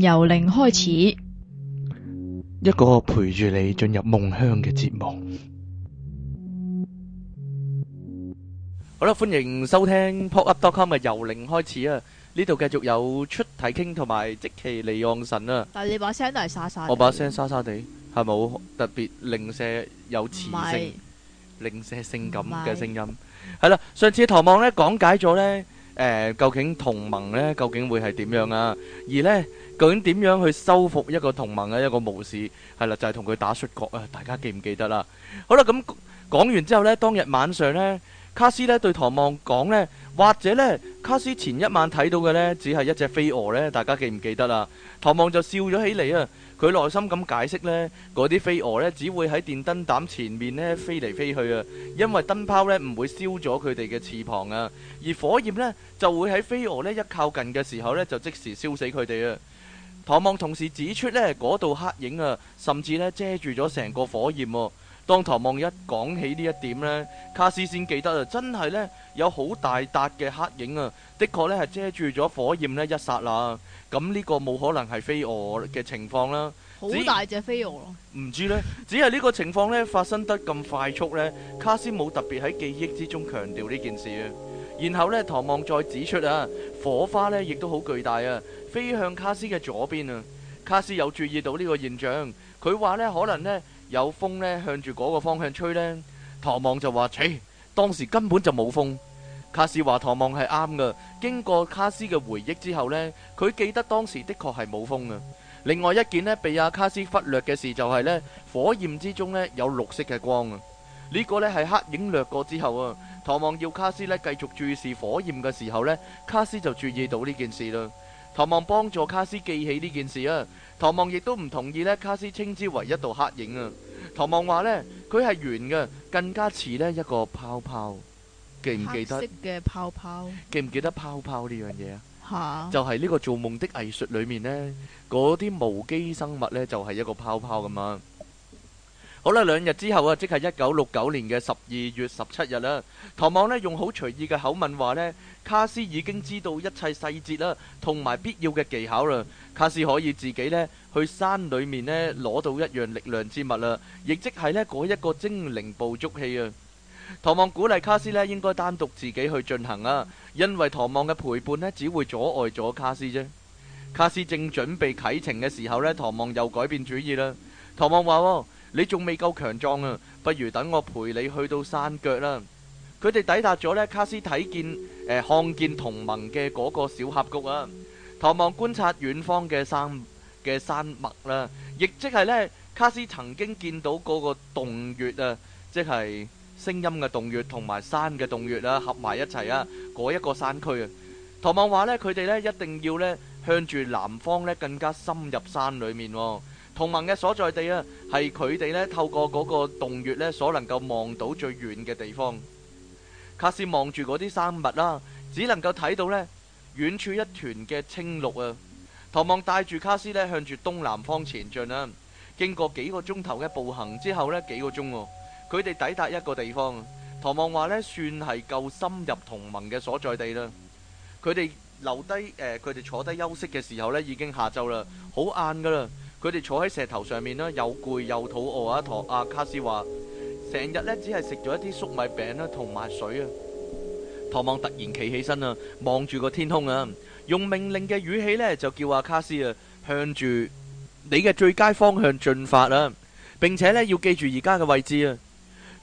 由零開始，一個陪住你進入夢鄉嘅節目。好啦，歡迎收聽 pop up dot com 啊！由零開始啊，呢度繼續有出題傾同埋即期嚟望神啊！但係你把聲都係沙沙，我把聲沙沙地係冇特別零舍有磁性，零舍性感嘅聲音係啦。上次嘅唐望咧講解咗咧。誒，究竟同盟呢，究竟會係點樣啊？而呢究竟點樣去修復一個同盟嘅一個巫士係啦，就係同佢打出國佢耐心咁解釋呢，嗰啲飛蛾呢，只會喺電燈膽前面呢飛嚟飛去啊，因為燈泡呢唔會燒咗佢哋嘅翅膀啊，而火焰呢，就會喺飛蛾呢一靠近嘅時候呢，就即時燒死佢哋啊！唐望同時指出呢，嗰道黑影啊，甚至呢遮住咗成個火焰啊。當唐望一講起呢一點呢，卡斯先記得啊，真係呢，有好大笪嘅黑影啊，的確呢，係遮住咗火焰呢一剎啦。咁呢個冇可能係飛蛾嘅情況啦，好大隻飛蛾咯，唔知呢，只係呢個情況呢發生得咁快速呢，卡斯冇特別喺記憶之中強調呢件事啊。然後呢，唐望再指出啊，火花呢亦都好巨大啊，飛向卡斯嘅左邊啊。卡斯有注意到呢個現象，佢話呢可能呢有風呢向住嗰個方向吹呢。唐望就話：切，當時根本就冇風。卡斯話唐望係啱噶。經過卡斯嘅回憶之後呢，佢記得當時的確係冇風噶。另外一件咧，被阿、啊、卡斯忽略嘅事就係呢，火焰之中呢有綠色嘅光啊。呢、這個呢係黑影掠過之後啊。唐望要卡斯呢繼續注視火焰嘅時候呢，卡斯就注意到呢件事啦。唐望幫助卡斯記起呢件事啊。唐望亦都唔同意呢卡斯稱之為一道黑影啊。唐望話呢，佢係圓嘅，更加似呢一個泡泡。記唔記得？嘅泡泡，記唔記得泡泡呢樣嘢啊？吓，就係呢個做夢的藝術裏面咧，嗰啲無機生物咧就係一個泡泡咁嘛。好啦，兩日之後啊，即係一九六九年嘅十二月十七日啦。唐望咧用好隨意嘅口吻話咧，卡斯已經知道一切細節啦，同埋必要嘅技巧啦。卡斯可以自己咧去山裏面咧攞到一樣力量之物啦，亦即係咧嗰一個精靈捕捉器啊。唐望鼓勵卡斯咧，應該單獨自己去進行啊，因為唐望嘅陪伴咧只會阻礙咗卡斯啫。卡斯正準備啟程嘅時候呢，唐望又改變主意啦。唐望話：哦，你仲未夠強壯啊，不如等我陪你去到山腳啦。佢哋抵達咗呢，卡斯睇見誒，看見、呃、同盟嘅嗰個小峽谷啊。唐望觀察遠方嘅山嘅山脈啦、啊，亦即係呢，卡斯曾經見到嗰個洞穴啊，即係。聲音嘅洞穴同埋山嘅洞穴啦，合埋一齊啊！嗰一個山區啊，唐望話咧，佢哋咧一定要咧向住南方咧更加深入山裏面。同盟嘅所在地啊，係佢哋咧透過嗰個洞穴咧所能夠望到最遠嘅地方。卡斯望住嗰啲山脈啦，只能夠睇到咧遠處一團嘅青綠啊！唐望帶住卡斯咧向住東南方前進啊！經過幾個鐘頭嘅步行之後咧，幾個鐘。佢哋抵達一個地方，唐望話呢算係夠深入同盟嘅所在地啦。佢哋留低誒，佢哋坐低休息嘅時候呢已經下晝啦，好晏㗎啦。佢哋坐喺石頭上面啦，又攰又肚餓啊！唐阿卡斯話：成日呢只係食咗一啲粟米餅啦，同埋水啊！唐望突然企起身啊，望住個天空啊，用命令嘅語氣呢就叫阿卡斯啊，向住你嘅最佳方向進發啦！並且呢要記住而家嘅位置啊！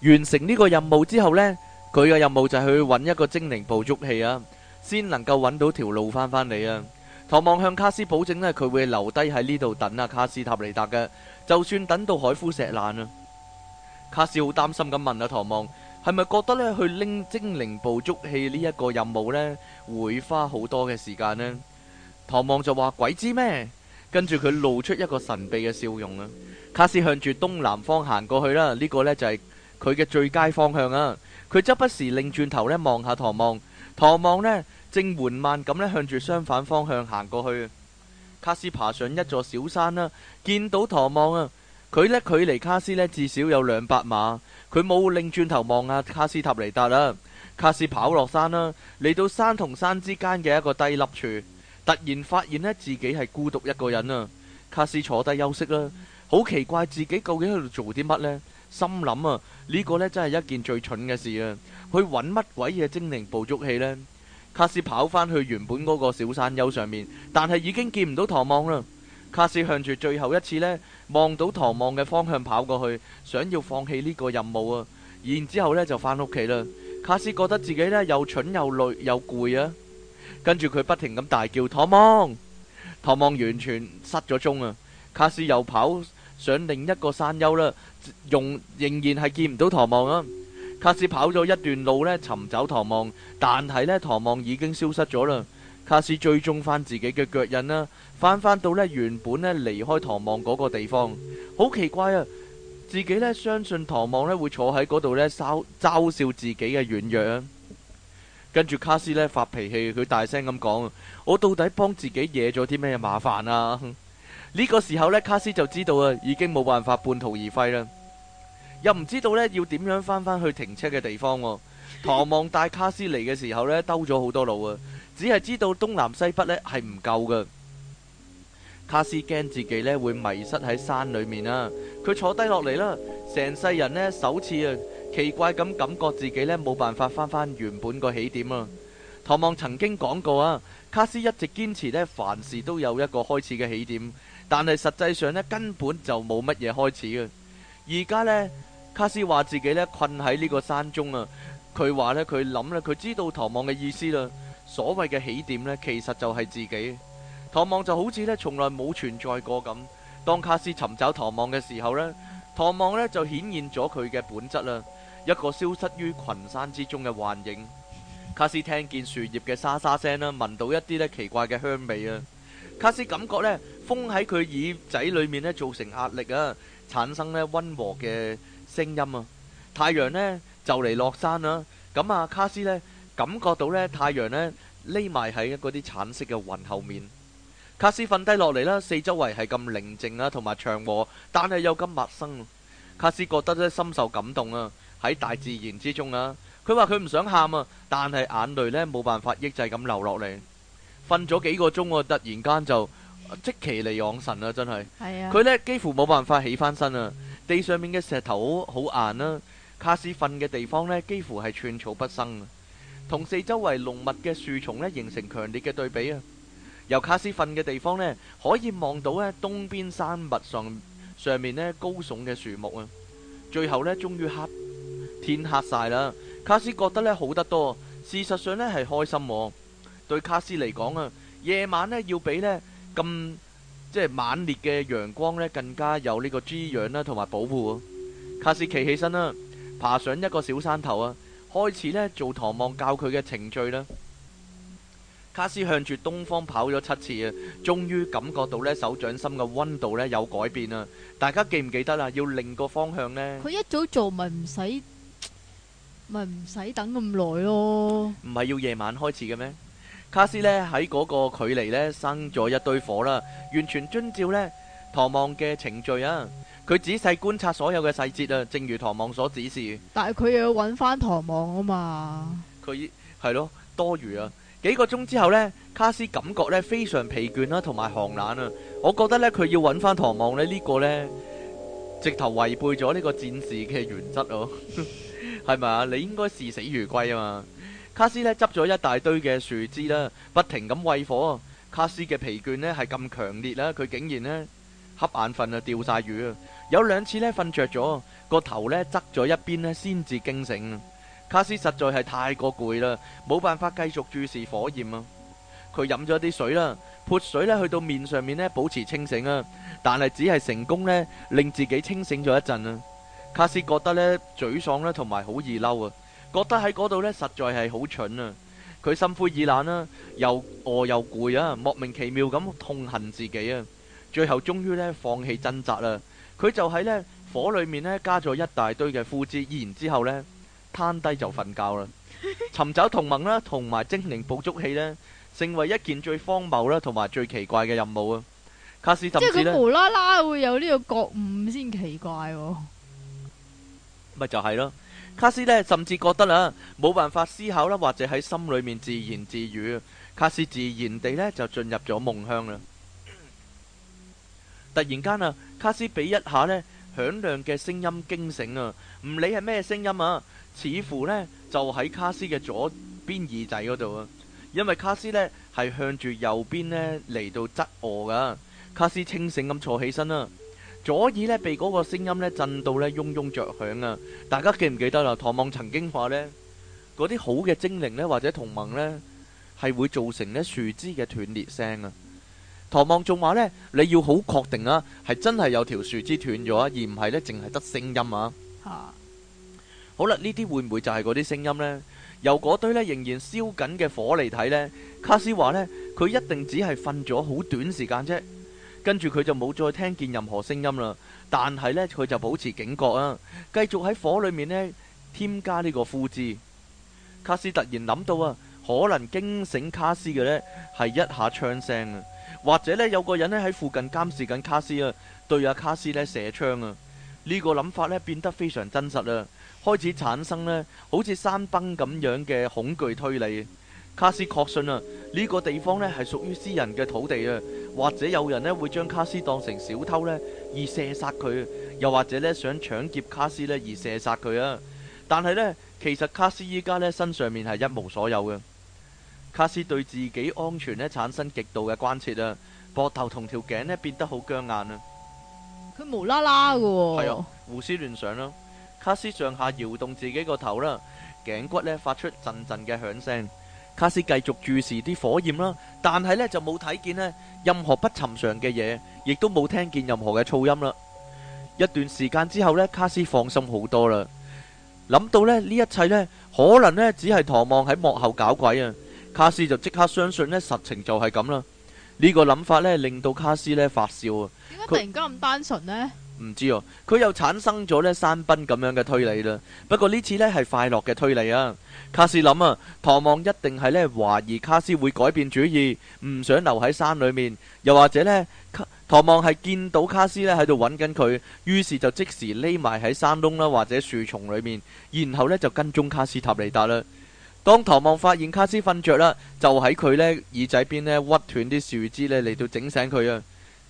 完成呢個任務之後呢，佢嘅任務就係去揾一個精靈捕捉器啊，先能夠揾到條路返返嚟啊。唐望向卡斯保證呢，佢會留低喺呢度等啊卡斯塔尼達嘅，就算等到海枯石爛啊。卡斯好擔心咁問啊，唐望係咪覺得呢，去拎精靈捕捉器呢一個任務呢會花好多嘅時間呢？唐望就話鬼知咩？跟住佢露出一個神秘嘅笑容啊。卡斯向住東南方行過去啦、啊，呢、這個呢就係、是。佢嘅最佳方向啊！佢則不時擰轉頭咧望下唐望，唐望呢，正緩慢咁咧向住相反方向行過去。卡斯爬上一座小山啦，啊，見到唐望啊！佢呢，距離卡斯呢至少有兩百碼，佢冇擰轉頭望下，啊，卡斯塔尼達啦。卡斯跑落山啦，啊，嚟到山同山之間嘅一個低凹處，突然發現呢，自己係孤獨一個人啊！卡斯坐低休息啦，啊，好奇怪自己究竟喺度做啲乜呢？心諗啊，呢個呢真係一件最蠢嘅事啊！佢搵乜鬼嘢精靈捕捉器呢？卡斯跑返去原本嗰個小山丘上面，但係已經見唔到唐望啦。卡斯向住最後一次呢望到唐望嘅方向跑過去，想要放棄呢個任務啊！然之後呢就返屋企啦。卡斯覺得自己呢又蠢又累又攰啊！跟住佢不停咁大叫唐望，唐望完全失咗蹤啊！卡斯又跑。上另一個山丘啦，用仍然係見唔到唐望啊！卡斯跑咗一段路呢，尋找唐望，但係呢，唐望已經消失咗啦。卡斯追蹤翻自己嘅腳印啦，翻返到呢原本呢離開唐望嗰個地方，好奇怪啊！自己呢相信唐望呢會坐喺嗰度呢嘲嘲笑自己嘅軟弱啊。跟住卡斯呢發脾氣，佢大聲咁講：我到底幫自己惹咗啲咩麻煩啊？呢個時候咧，卡斯就知道啊，已經冇辦法半途而廢啦，又唔知道咧要點樣返返去停車嘅地方啊。唐望帶卡斯嚟嘅時候咧，兜咗好多路啊，只係知道東南西北咧係唔夠噶。卡斯驚自己咧會迷失喺山裏面啊，佢坐低落嚟啦，成世人咧首次啊奇怪咁感覺自己咧冇辦法返返原本個起點啊。唐望曾經講過啊，卡斯一直堅持咧凡事都有一個開始嘅起點。但係實際上咧，根本就冇乜嘢開始嘅。而家呢，卡斯話自己咧困喺呢個山中啊。佢話呢，佢諗咧，佢知道唐望嘅意思啦。所謂嘅起點呢，其實就係自己。唐望就好似呢，從來冇存在過咁。當卡斯尋找唐望嘅時候呢，唐望呢就顯現咗佢嘅本質啦。一個消失於群山之中嘅幻影。卡斯聽見樹葉嘅沙沙聲啦、啊，聞到一啲呢奇怪嘅香味啊。卡斯感覺呢，風喺佢耳仔裏面呢造成壓力啊，產生呢溫和嘅聲音啊。太陽呢就嚟落山啦，咁啊卡斯呢感覺到呢太陽呢匿埋喺嗰啲橙色嘅雲後面。卡斯瞓低落嚟啦，四周圍係咁寧靜啊，同埋祥和，但係又咁陌生。卡斯覺得呢深受感動啊，喺大自然之中啊，佢話佢唔想喊啊，但係眼淚呢冇辦法抑制咁流落嚟。瞓咗幾個鐘喎，突然間就即奇嚟養神啦，真係。係啊。佢呢幾乎冇辦法起翻身啊！地上面嘅石頭好好硬啦，啊。卡斯瞓嘅地方呢幾乎係寸草不生啊，同四周圍濃密嘅樹叢呢形成強烈嘅對比啊。由卡斯瞓嘅地方呢可以望到呢東邊山脈上上面呢高聳嘅樹木啊。最後呢終於黑天黑晒啦。卡斯覺得呢好得多，事實上呢係開心喎。對卡斯嚟講啊，夜晚咧要俾咧咁即係猛烈嘅陽光咧，更加有呢個滋養啦，同埋保護。卡斯企起身啦，爬上一個小山頭啊，開始咧做唐望教佢嘅程序啦。卡斯向住東方跑咗七次啊，終於感覺到咧手掌心嘅溫度咧有改變啊！大家記唔記得啊？要另個方向咧，佢一早做咪唔使咪唔使等咁耐咯？唔係要夜晚開始嘅咩？卡斯咧喺嗰個距離咧生咗一堆火啦、啊，完全遵照呢唐望嘅程序啊！佢仔細觀察所有嘅細節啊，正如唐望所指示。但係佢又要揾翻唐望啊嘛！佢係咯，多餘啊！幾個鐘之後呢，卡斯感覺呢非常疲倦啦、啊，同埋寒冷啊！我覺得呢，佢要揾翻唐望咧呢、這個呢，直頭違背咗呢個戰士嘅原則哦、啊！係咪啊？你應該視死如歸啊嘛！卡斯咧執咗一大堆嘅樹枝啦、啊，不停咁餵火。卡斯嘅疲倦咧係咁強烈啦，佢、啊、竟然呢，瞌眼瞓啊，掉晒魚啊！有兩次呢，瞓着咗，個頭呢側咗一邊呢先至驚醒。卡斯實在係太過攰啦，冇辦法繼續注視火焰啊！佢飲咗啲水啦，潑水咧去到面上面呢保持清醒啊，但係只係成功呢令自己清醒咗一陣啦。卡斯覺得呢，沮喪咧同埋好易嬲啊！覺得喺嗰度咧，實在係好蠢啊！佢心灰意冷啦，又餓又攰啊，莫名其妙咁痛恨自己啊！最後終於咧放棄掙扎啦，佢就喺咧火裏面咧加咗一大堆嘅枯枝，然之後咧攤低就瞓覺啦。尋找同盟啦，同埋精靈捕捉器咧，成為一件最荒謬啦，同埋最奇怪嘅任務啊！卡斯甚至咧，即係佢無啦啦會有呢個覺悟先奇怪喎，咪就係咯。卡斯咧甚至覺得啊，冇辦法思考啦，或者喺心裏面自言自語。卡斯自然地咧就進入咗夢鄉啦。突然間啊，卡斯俾一下咧響亮嘅聲音驚醒啊！唔理係咩聲音啊，似乎咧就喺卡斯嘅左邊耳仔嗰度啊。因為卡斯咧係向住右邊咧嚟到側臥噶。卡斯清醒咁坐起身啦。所以呢，被嗰個聲音呢震到呢，嗡嗡着響啊！大家記唔記得啦？唐望曾經話呢，嗰啲好嘅精靈呢，或者同盟呢，係會造成呢樹枝嘅斷裂聲啊！唐望仲話呢，你要好確定啊，係真係有條樹枝斷咗，而唔係呢淨係得聲音啊！吓，啊，好啦，呢啲會唔會就係嗰啲聲音呢？由嗰堆呢仍然燒緊嘅火嚟睇呢，卡斯話呢，佢一定只係瞓咗好短時間啫。跟住佢就冇再聽見任何聲音啦，但係咧佢就保持警覺啊，繼續喺火裏面咧添加呢個枯枝。卡斯突然諗到啊，可能驚醒卡斯嘅咧係一下槍聲啊，或者咧有個人咧喺附近監視緊卡斯啊，對阿卡斯咧射槍啊。呢個諗法咧變得非常真實啦，開始產生咧好似山崩咁樣嘅恐懼推理。卡斯確信啊，呢個地方呢係屬於私人嘅土地啊，或者有人呢會將卡斯當成小偷呢，而射殺佢，又或者呢想搶劫卡斯呢而射殺佢啊。但係呢，其實卡斯依家呢身上面係一無所有嘅。卡斯對自己安全呢產生極度嘅關切啊，膊頭同條頸呢變得好僵硬啊。佢無啦啦嘅喎。係啊，胡思亂想啦。卡斯上下搖動自己個頭啦，頸骨呢發出陣陣嘅響聲。卡斯繼續注視啲火焰啦，但係呢就冇睇見呢任何不尋常嘅嘢，亦都冇聽見任何嘅噪音啦。一段時間之後呢，卡斯放心好多啦。諗到呢呢一切呢，可能呢只係唐望喺幕後搞鬼啊！卡斯就即刻相信呢實情就係咁啦。呢、呢個諗法呢令到卡斯呢發笑啊！點解突然間咁單純呢？唔知哦，佢又產生咗呢「山崩」咁樣嘅推理啦。不過呢次呢係快樂嘅推理啊。卡斯諗啊，唐望一定係呢懷疑卡斯會改變主意，唔想留喺山裏面，又或者呢，唐望係見到卡斯呢喺度揾緊佢，於是就即時匿埋喺山窿啦或者樹叢裏面，然後呢就跟蹤卡斯塔尼達啦。當唐望發現卡斯瞓着啦，就喺佢呢耳仔邊呢屈斷啲樹枝呢嚟到整醒佢啊。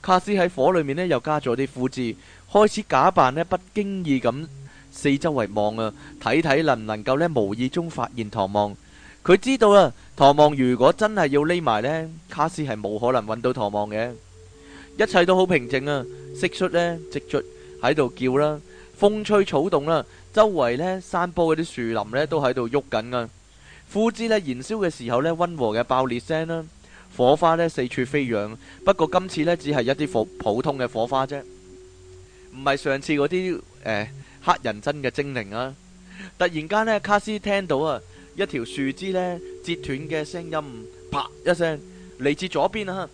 卡斯喺火裏面呢又加咗啲枯枝。開始假扮呢，不經意咁四周圍望啊，睇睇能唔能夠呢？無意中發現唐望。佢知道啊，唐望如果真係要匿埋呢，卡斯係冇可能搵到唐望嘅。一切都好平靜啊，蟋蟀呢，直續喺度叫啦，風吹草動啦，周圍呢，山坡嗰啲樹林呢，都喺度喐緊啊，枯枝呢，燃燒嘅時候呢，温和嘅爆裂聲啦，火花呢，四處飛揚。不過今次呢，只係一啲火，普通嘅火花啫。唔係上次嗰啲誒黑人真嘅精靈啊！突然間呢，卡斯聽到啊，一條樹枝呢，折斷嘅聲音，啪一聲，嚟自左邊啊！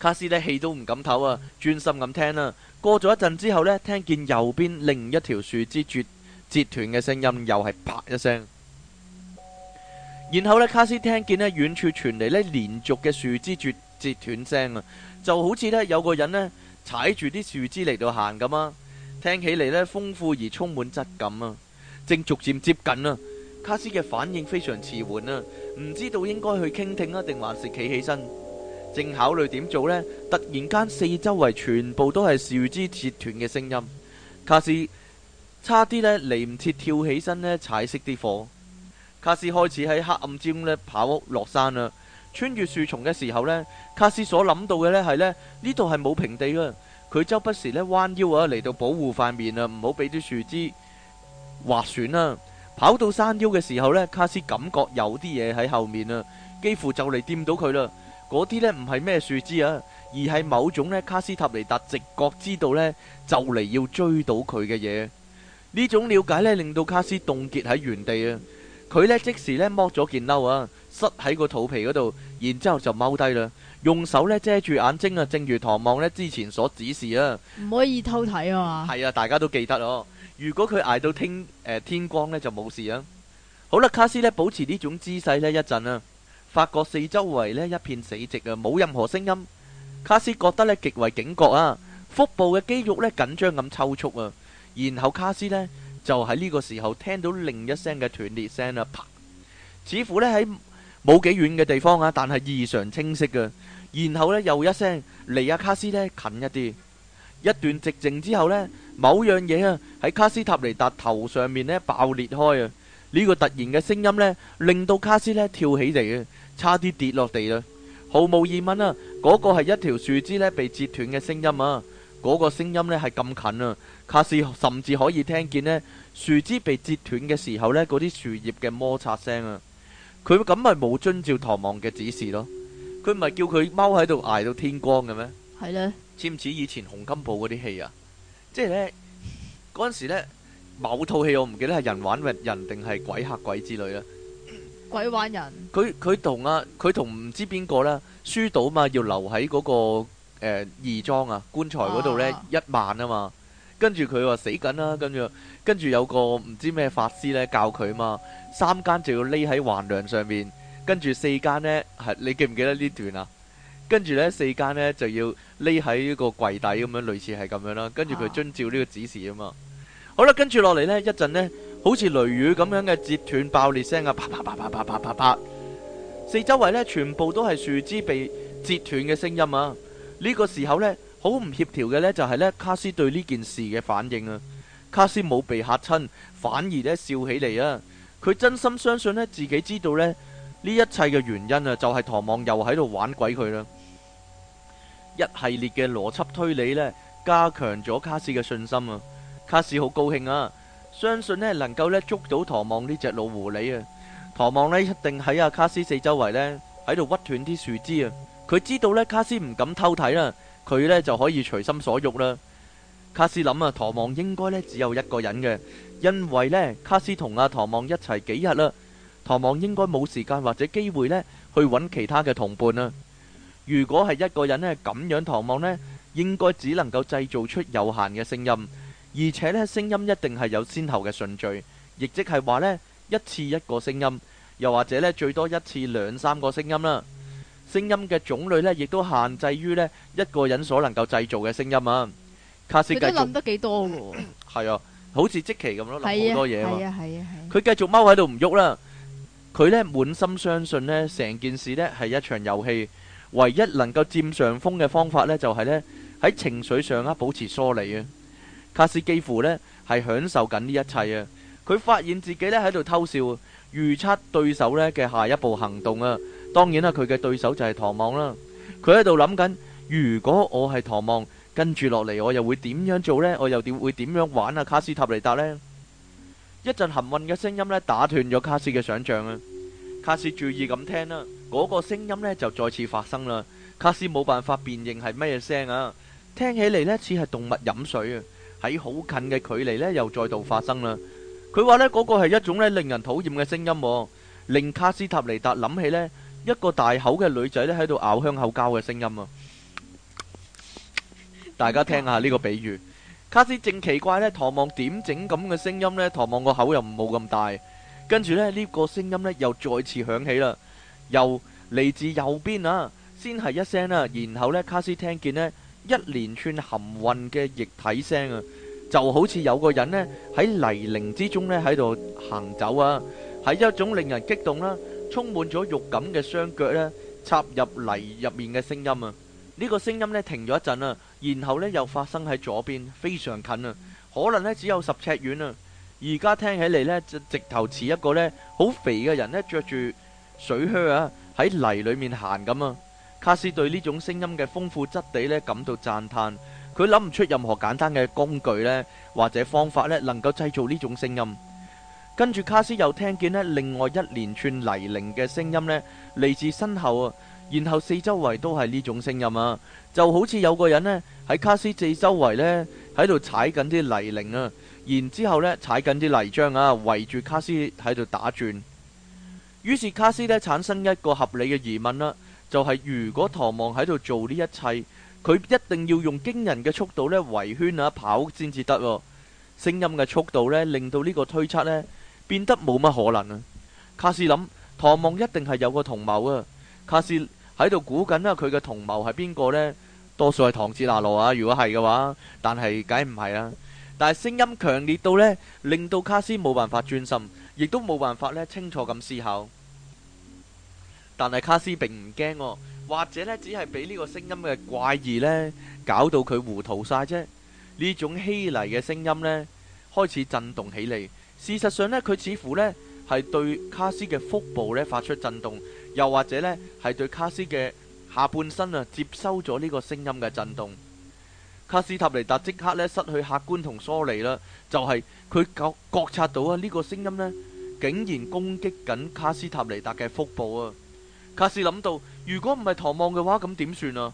卡斯呢，氣都唔敢唞啊，專心咁聽啊。過咗一陣之後呢，聽見右邊另一條樹枝絕折斷嘅聲音，又係啪一聲。然後呢，卡斯聽見呢，遠處傳嚟呢連續嘅樹枝絕折斷聲啊，就好似呢有個人呢。踩住啲樹枝嚟到行咁啊，聽起嚟咧豐富而充滿質感啊，正逐漸接近啊。卡斯嘅反應非常遲緩啊，唔知道應該去傾聽啊，定還是企起身？正考慮點做呢，突然間四周圍全部都係樹枝折斷嘅聲音，卡斯差啲呢嚟唔切跳起身呢，踩熄啲火。卡斯開始喺黑暗中呢，跑屋落山啊。穿越樹叢嘅時候呢，卡斯所諗到嘅呢係呢呢度係冇平地啊。佢周不時呢彎腰啊嚟到保護塊面啊，唔好俾啲樹枝劃損啊。跑到山腰嘅時候呢，卡斯感覺有啲嘢喺後面啊，幾乎就嚟掂到佢啦。嗰啲呢唔係咩樹枝啊，而係某種呢卡斯塔尼達直覺知道呢，就嚟要追到佢嘅嘢。呢種了解呢令到卡斯凍結喺原地啊。佢呢即時呢剝咗件褸啊。塞喺個肚皮嗰度，然之後就踎低啦，用手咧遮住眼睛啊，正如唐望咧之前所指示啊。唔可以偷睇啊。係啊，大家都記得哦、啊。如果佢挨到天誒、呃、天光咧，就冇事啦、啊。好啦，卡斯咧保持呢種姿勢咧一陣啦、啊，發覺四周圍咧一片死寂啊，冇任何聲音。卡斯覺得咧極為警覺啊，腹部嘅肌肉咧緊張咁抽搐啊。然後卡斯咧就喺呢個時候聽到另一聲嘅斷裂聲啦、啊，啪，似乎咧喺。冇幾遠嘅地方啊，但係異常清晰啊。然後呢，又一聲離阿、啊、卡斯呢近一啲。一段寂靜之後呢，某樣嘢啊喺卡斯塔尼達頭上面呢爆裂開啊！呢、呢個突然嘅聲音呢，令到卡斯呢跳起嚟啊，差啲跌落地啦。毫無疑問啊，嗰、嗰個係一條樹枝呢被折斷嘅聲音啊。嗰、嗰個聲音呢係咁近啊，卡斯甚至可以聽見呢樹枝被折斷嘅時候呢，嗰啲樹葉嘅摩擦聲啊。佢咁咪冇遵照唐望嘅指示咯？佢唔係叫佢踎喺度挨到天光嘅咩？係咧，似唔似以前洪金寶嗰啲戲啊？即係咧嗰陣時咧，某套戲我唔記得係人玩人定係鬼吓鬼之類啦。鬼玩人。佢、佢同啊，佢同唔知邊個咧輸賭嘛，要留喺嗰個誒義莊啊棺材嗰度咧一晚啊嘛。跟住佢話死緊啦，跟住跟住有個唔知咩法師咧教佢嘛，三間就要匿喺橫梁上面。跟住四間呢，係你記唔記得呢段啊？跟住呢四間呢，就要匿喺呢個櫃底咁樣，類似係咁樣啦。跟住佢遵照呢個指示啊嘛。啊好啦，跟住落嚟呢一陣呢，好似雷雨咁樣嘅折斷爆裂聲啊，啪啪啪啪啪啪啪啪啪啪，四周圍呢，全部都係樹枝被折斷嘅聲音啊！呢個時候呢。好唔協調嘅呢，就係呢卡斯對呢件事嘅反應啊。卡斯冇被嚇親，反而呢笑起嚟啊。佢真心相信呢，自己知道呢，呢一切嘅原因啊，就係唐望又喺度玩鬼佢啦。一系列嘅邏輯推理呢，加強咗卡斯嘅信心啊。卡斯好高興啊，相信呢能夠呢捉到唐望呢隻老狐狸啊。唐望呢一定喺阿卡斯四周圍呢喺度屈斷啲樹枝啊。佢知道呢卡斯唔敢偷睇啦。佢呢就可以隨心所欲啦。卡斯諗啊，唐望應該呢只有一個人嘅，因為呢卡斯同阿唐望一齊幾日啦，唐望應該冇時間或者機會呢去揾其他嘅同伴啊。如果係一個人呢咁樣呢，唐望呢應該只能夠製造出有限嘅聲音，而且呢聲音一定係有先後嘅順序，亦即係話呢一次一個聲音，又或者呢最多一次兩三個聲音啦。聲音嘅種類咧，亦都限制於咧一個人所能夠製造嘅聲音啊。卡斯繼續佢都諗得幾多㗎喎？係啊，好似即奇咁咯，諗好多嘢啊嘛。係啊，係啊，係啊。佢繼續踎喺度唔喐啦。佢咧滿心相信咧，成件事咧係一場遊戲。唯一能夠佔上風嘅方法咧，就係咧喺情緒上啊保持疏離啊。卡斯幾乎咧係享受緊呢一切啊。佢發現自己咧喺度偷笑，預測對手咧嘅下一步行動啊。當然啦，佢嘅對手就係唐望啦。佢喺度諗緊，如果我係唐望，跟住落嚟，我又會點樣做咧？我又點會點樣玩啊？卡斯塔尼達咧一陣含混嘅聲音咧，打斷咗卡斯嘅想象啊！卡斯注意咁聽啦，嗰個聲音咧就再次發生啦。卡斯冇辦法辨認係咩聲啊，聽起嚟咧似係動物飲水啊。喺好近嘅距離咧，又再度發生啦。佢話咧嗰個係一種咧令人討厭嘅聲音喎，令卡斯塔尼達諗起咧。一個大口嘅女仔咧喺度咬香口膠嘅聲音啊！大家聽下呢個比喻。卡斯正奇怪咧，唐望點整咁嘅聲音咧？唐望個口又冇咁大，跟住咧呢個聲音咧又再次響起啦，又嚟自右邊啊，先係一聲啊，然後咧卡斯聽見咧一連串含混嘅液體聲啊，就好似有個人咧喺泥濘之中咧喺度行走啊，係一種令人激動啦。充滿咗肉感嘅雙腳咧，插入泥入面嘅聲音啊！呢個聲音咧停咗一陣啊，然後咧又發生喺左邊，非常近啊，可能咧只有十尺遠啊！而家聽起嚟咧，直頭似一個咧好肥嘅人咧，着住水靴啊，喺泥裏面行咁啊！卡斯對呢種聲音嘅豐富質地咧感到讚嘆，佢諗唔出任何簡單嘅工具咧或者方法咧，能夠製造呢種聲音。跟住卡斯又聽見呢，另外一連串泥濘嘅聲音呢，嚟自身後啊。然後四周圍都係呢種聲音啊，就好似有個人呢，喺卡斯四周圍呢，喺度踩緊啲泥濘啊。然之後呢踩緊啲泥漿啊，圍住卡斯喺度打轉。於是卡斯呢產生一個合理嘅疑問啦，就係如果唐望喺度做呢一切，佢一定要用驚人嘅速度呢圍圈啊跑先至得。聲音嘅速度呢，令到呢個推測呢，變得冇乜可能啦，啊！卡斯諗唐望一定係有個同謀啊！卡斯喺度估緊啦，佢嘅同謀係邊個呢？多數係唐治拿羅啊！如果係嘅話，但係梗唔係啦！但係聲音強烈到呢，令到卡斯冇辦法專心，亦都冇辦法呢清楚咁思考。但係卡斯並唔驚，啊，或者呢只係俾呢個聲音嘅怪異呢搞到佢糊塗晒啫。呢種稀泥嘅聲音呢，開始震動起嚟。事實上呢佢似乎呢係對卡斯嘅腹部呢發出震動，又或者呢係對卡斯嘅下半身啊接收咗呢個聲音嘅震動。卡斯塔尼達即刻呢失去客觀同疏離啦，就係、是、佢覺察到啊呢個聲音呢竟然攻擊緊卡斯塔尼達嘅腹部啊！卡斯諗到如果唔係唐望嘅話，咁點算啊？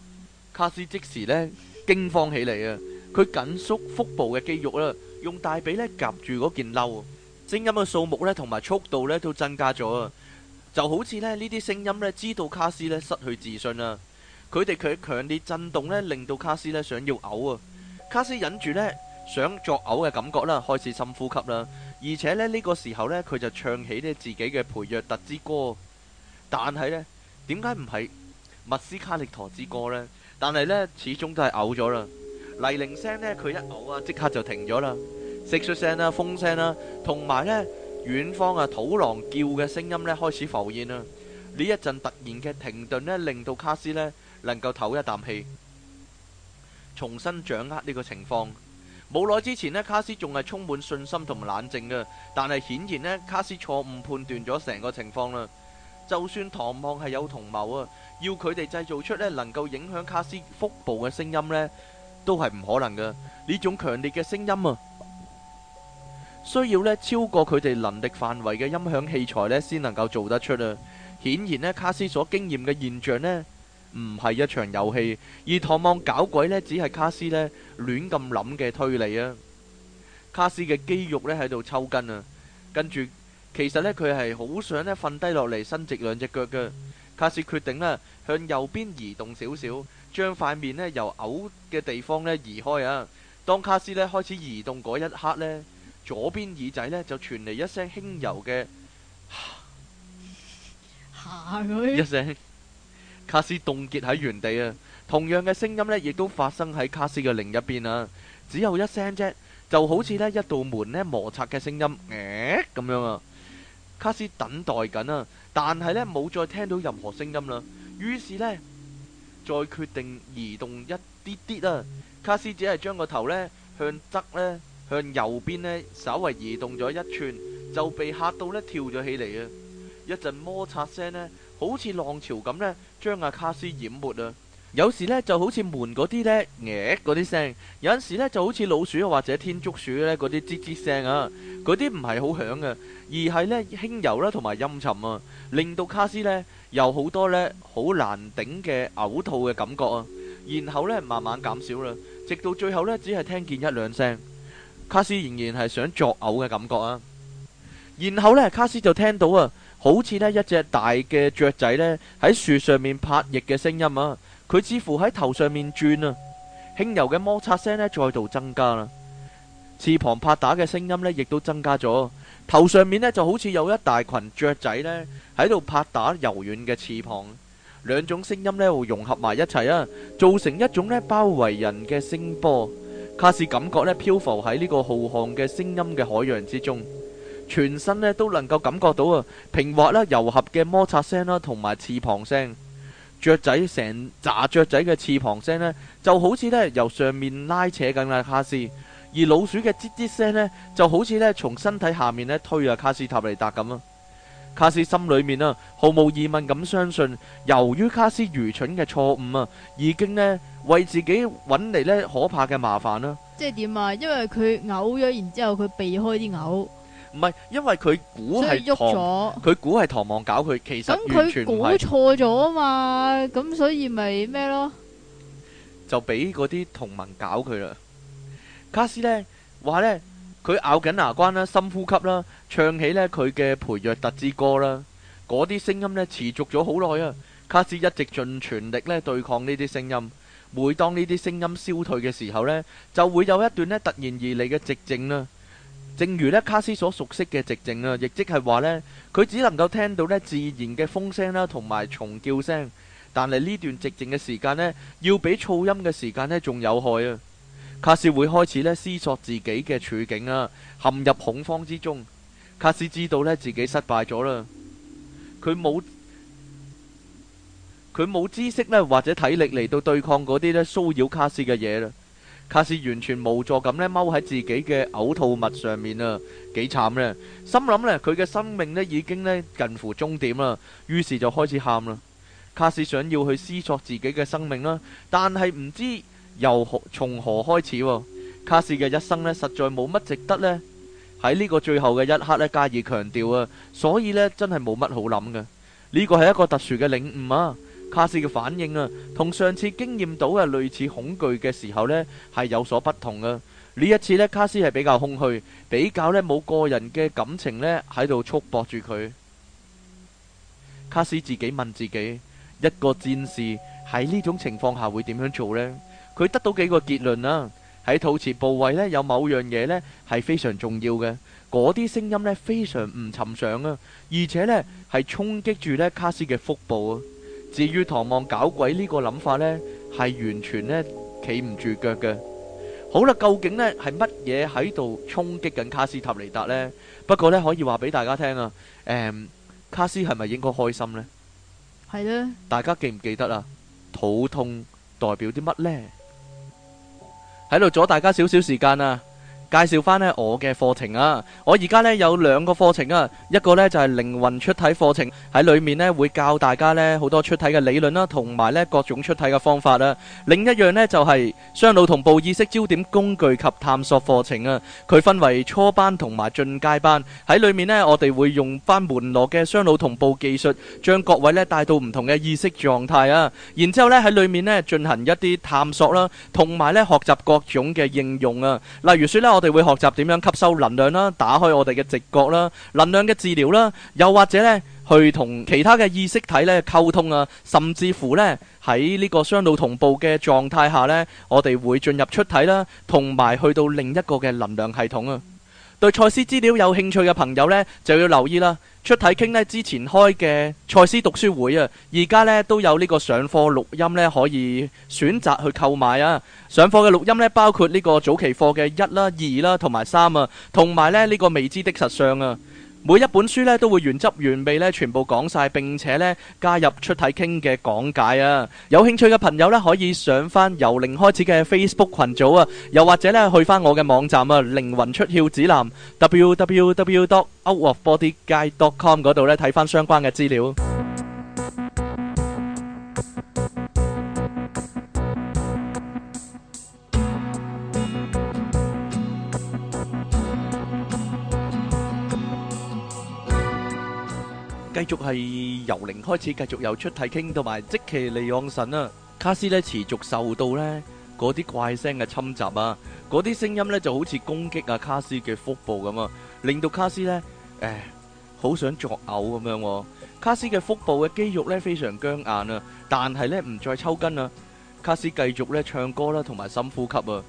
卡斯即時呢驚慌起嚟啊！佢緊縮腹部嘅肌肉啦，用大髀呢夾住嗰件褸。聲音嘅數目咧，同埋速度咧，都增加咗啊！就好似咧呢啲聲音咧，知道卡斯咧失去自信啦，佢哋佢強烈震動咧，令到卡斯咧想要嘔啊！卡斯忍住咧想作嘔嘅感覺啦，開始深呼吸啦，而且咧呢個時候咧，佢就唱起咧自己嘅培約特之歌，但係咧點解唔係密斯卡力陀之歌咧？但係咧始終都係嘔咗啦！嚟鈴聲呢，佢一嘔啊，即刻就停咗啦。食出聲啦，風聲啦，同埋呢遠方啊，土狼叫嘅聲音呢開始浮現啦。呢一陣突然嘅停頓呢，令到卡斯呢能夠唞一啖氣，重新掌握呢個情況。冇耐之前呢，卡斯仲係充滿信心同埋冷靜㗎，但係顯然呢卡斯錯誤判斷咗成個情況啦。就算唐望係有同謀啊，要佢哋製造出呢能夠影響卡斯腹部嘅聲音呢，都係唔可能㗎。呢種強烈嘅聲音啊！需要咧超過佢哋能力範圍嘅音響器材咧，先能夠做得出啊。顯然咧，卡斯所經驗嘅現象呢，唔係一場遊戲，而唐望搞鬼呢，只係卡斯咧亂咁諗嘅推理啊。卡斯嘅肌肉呢喺度抽筋啊，跟住其實呢，佢係好想咧瞓低落嚟伸直兩隻腳嘅。卡斯決定咧向右邊移動少少，將塊面咧由嘔嘅地方咧移開啊。當卡斯咧開始移動嗰一刻呢。左邊耳仔咧就傳嚟一聲輕柔嘅下，一聲，卡斯凍結喺原地啊！同樣嘅聲音咧，亦都發生喺卡斯嘅另一邊啊！只有一聲啫，就好似咧一道門咧摩擦嘅聲音誒咁樣啊！卡斯等待緊啊，但係咧冇再聽到任何聲音啦。於是咧再決定移動一啲啲啊！卡斯只係將個頭咧向側咧，向右邊呢，稍微移動咗一寸，就被嚇到呢跳咗起嚟啊！一陣摩擦聲呢，好似浪潮咁呢將阿卡斯淹沒啊！有時呢就好似門嗰啲呢，嘜嗰啲聲，有陣時呢就好似老鼠或者天竺鼠呢嗰啲吱吱聲啊！嗰啲唔係好響啊，而係呢輕柔啦，同埋陰沉啊，令到卡斯呢有好多呢好難頂嘅嘔吐嘅感覺啊。然後呢，慢慢減少啦，直到最後呢，只係聽見一兩聲。卡斯仍然係想作嘔嘅感覺啊！然後呢，卡斯就聽到啊，好似呢一隻大嘅雀仔呢喺樹上面拍翼嘅聲音啊！佢似乎喺頭上面轉啊，輕柔嘅摩擦聲呢再度增加啦，翅膀拍打嘅聲音呢亦都增加咗。頭上面呢就好似有一大群雀仔呢喺度拍打柔軟嘅翅膀，兩種聲音呢會融合埋一齊啊，造成一種呢包圍人嘅聲波。卡斯感覺咧漂浮喺呢個浩瀚嘅聲音嘅海洋之中，全身咧都能夠感覺到啊平滑啦、柔和嘅摩擦聲啦，同埋翅膀聲。雀仔，成紮雀仔嘅翅膀聲咧，就好似咧由上面拉扯緊啊卡斯，而老鼠嘅吱吱聲咧，就好似咧從身體下面咧推啊卡斯塔尼達咁啊。卡斯心裏面啊，毫無疑問咁相信，由於卡斯愚蠢嘅錯誤啊，已經咧。為自己揾嚟呢可怕嘅麻煩啦，啊，即係點啊？因為佢嘔咗，然之後佢避開啲嘔，唔係因為佢估係喐咗，佢估係唐望搞佢，其實咁佢估錯咗啊嘛，咁所以咪咩咯？嗯，就俾嗰啲同盟搞佢啦。卡斯呢話呢，佢咬緊牙關啦，深呼吸啦，唱起呢佢嘅培約特之歌啦。嗰啲聲音呢持續咗好耐啊。卡斯一直盡全力呢對抗呢啲聲音。每當呢啲聲音消退嘅時候呢，就會有一段咧突然而嚟嘅寂靜啦。正如咧卡斯所熟悉嘅寂靜啦，亦即係話呢，佢只能夠聽到咧自然嘅風聲啦，同埋蟲叫聲。但係呢段寂靜嘅時間呢，要比噪音嘅時間咧仲有害啊。卡斯會開始咧思索自己嘅處境啊，陷入恐慌之中。卡斯知道呢自己失敗咗啦，佢冇。佢冇知識咧，或者體力嚟到對抗嗰啲咧騷擾卡斯嘅嘢啦。卡斯完全無助咁咧，踎喺自己嘅嘔吐物上面啊，幾慘咧。心諗咧，佢嘅生命咧已經咧近乎終點啦。於是就開始喊啦。卡斯想要去思索自己嘅生命啦，但係唔知由何從何開始。卡斯嘅一生咧實在冇乜值得咧喺呢個最後嘅一刻咧加以強調啊。所以咧真係冇乜好諗嘅。呢個係一個特殊嘅領悟啊。卡斯嘅反應啊，同上次經驗到嘅類似恐懼嘅時候呢，係有所不同啊。呢一次呢，卡斯係比較空虛，比較呢冇個人嘅感情呢喺度束縛住佢。卡斯自己問自己：「一個戰士喺呢種情況下會點樣做呢？」佢得到幾個結論啊。喺肚臍部位呢，有某樣嘢呢係非常重要嘅，嗰啲聲音呢，非常唔尋常啊，而且呢係衝擊住呢卡斯嘅腹部啊。至於唐望搞鬼呢個諗法呢，係完全呢企唔住腳嘅。好啦，究竟呢係乜嘢喺度衝擊緊卡斯塔尼達呢？不過呢可以話俾大家聽啊，誒，卡斯係咪應該開心呢？係啦，大家記唔記得啊？肚痛代表啲乜呢？喺度阻大家少少時間啊！介紹翻咧我嘅課程啊！我而家咧有兩個課程啊，一個咧就係靈魂出體課程，喺裡面咧會教大家咧好多出體嘅理論啦，同埋咧各種出體嘅方法啦。另一樣咧就係雙腦同步意識焦點工具及探索課程啊。佢分為初班同埋進階班，喺裡面咧我哋會用返門羅嘅雙腦同步技術，將各位咧帶到唔同嘅意識狀態啊。然之後咧喺裡面咧進行一啲探索啦，同埋咧學習各種嘅應用啊。例如説咧我。我哋會學習點樣吸收能量啦，打開我哋嘅直覺啦，能量嘅治療啦，又或者呢去同其他嘅意識體咧溝通啊，甚至乎呢喺呢個雙腦同步嘅狀態下呢，我哋會進入出體啦，同埋去到另一個嘅能量系統啊。對賽斯資料有興趣嘅朋友呢，就要留意啦。出體傾呢之前開嘅賽斯讀書會啊，而家呢都有呢個上課錄音呢，可以選擇去購買啊。上課嘅錄音呢，包括呢個早期課嘅一啦、二啦同埋三啊，同埋咧呢個未知的實相啊。每一本書咧都會原汁原味咧全部講晒，並且咧加入出體傾嘅講解啊！有興趣嘅朋友咧可以上翻由零開始嘅 Facebook 群組啊，又或者咧去翻我嘅網站啊，靈魂出竅指南 www.outofbodyguide.com 嗰度咧睇翻相關嘅資料。續係由零開始，繼續由出體傾到埋即其利昂神啦。卡斯咧持續受到咧嗰啲怪聲嘅侵襲啊，嗰啲聲音咧就好似攻擊啊卡斯嘅腹部咁啊，令到卡斯咧誒好想作嘔咁樣。卡斯嘅腹部嘅肌肉咧非常僵硬啊，但係咧唔再抽筋啦。卡斯繼續咧唱歌啦，同埋深呼吸啊，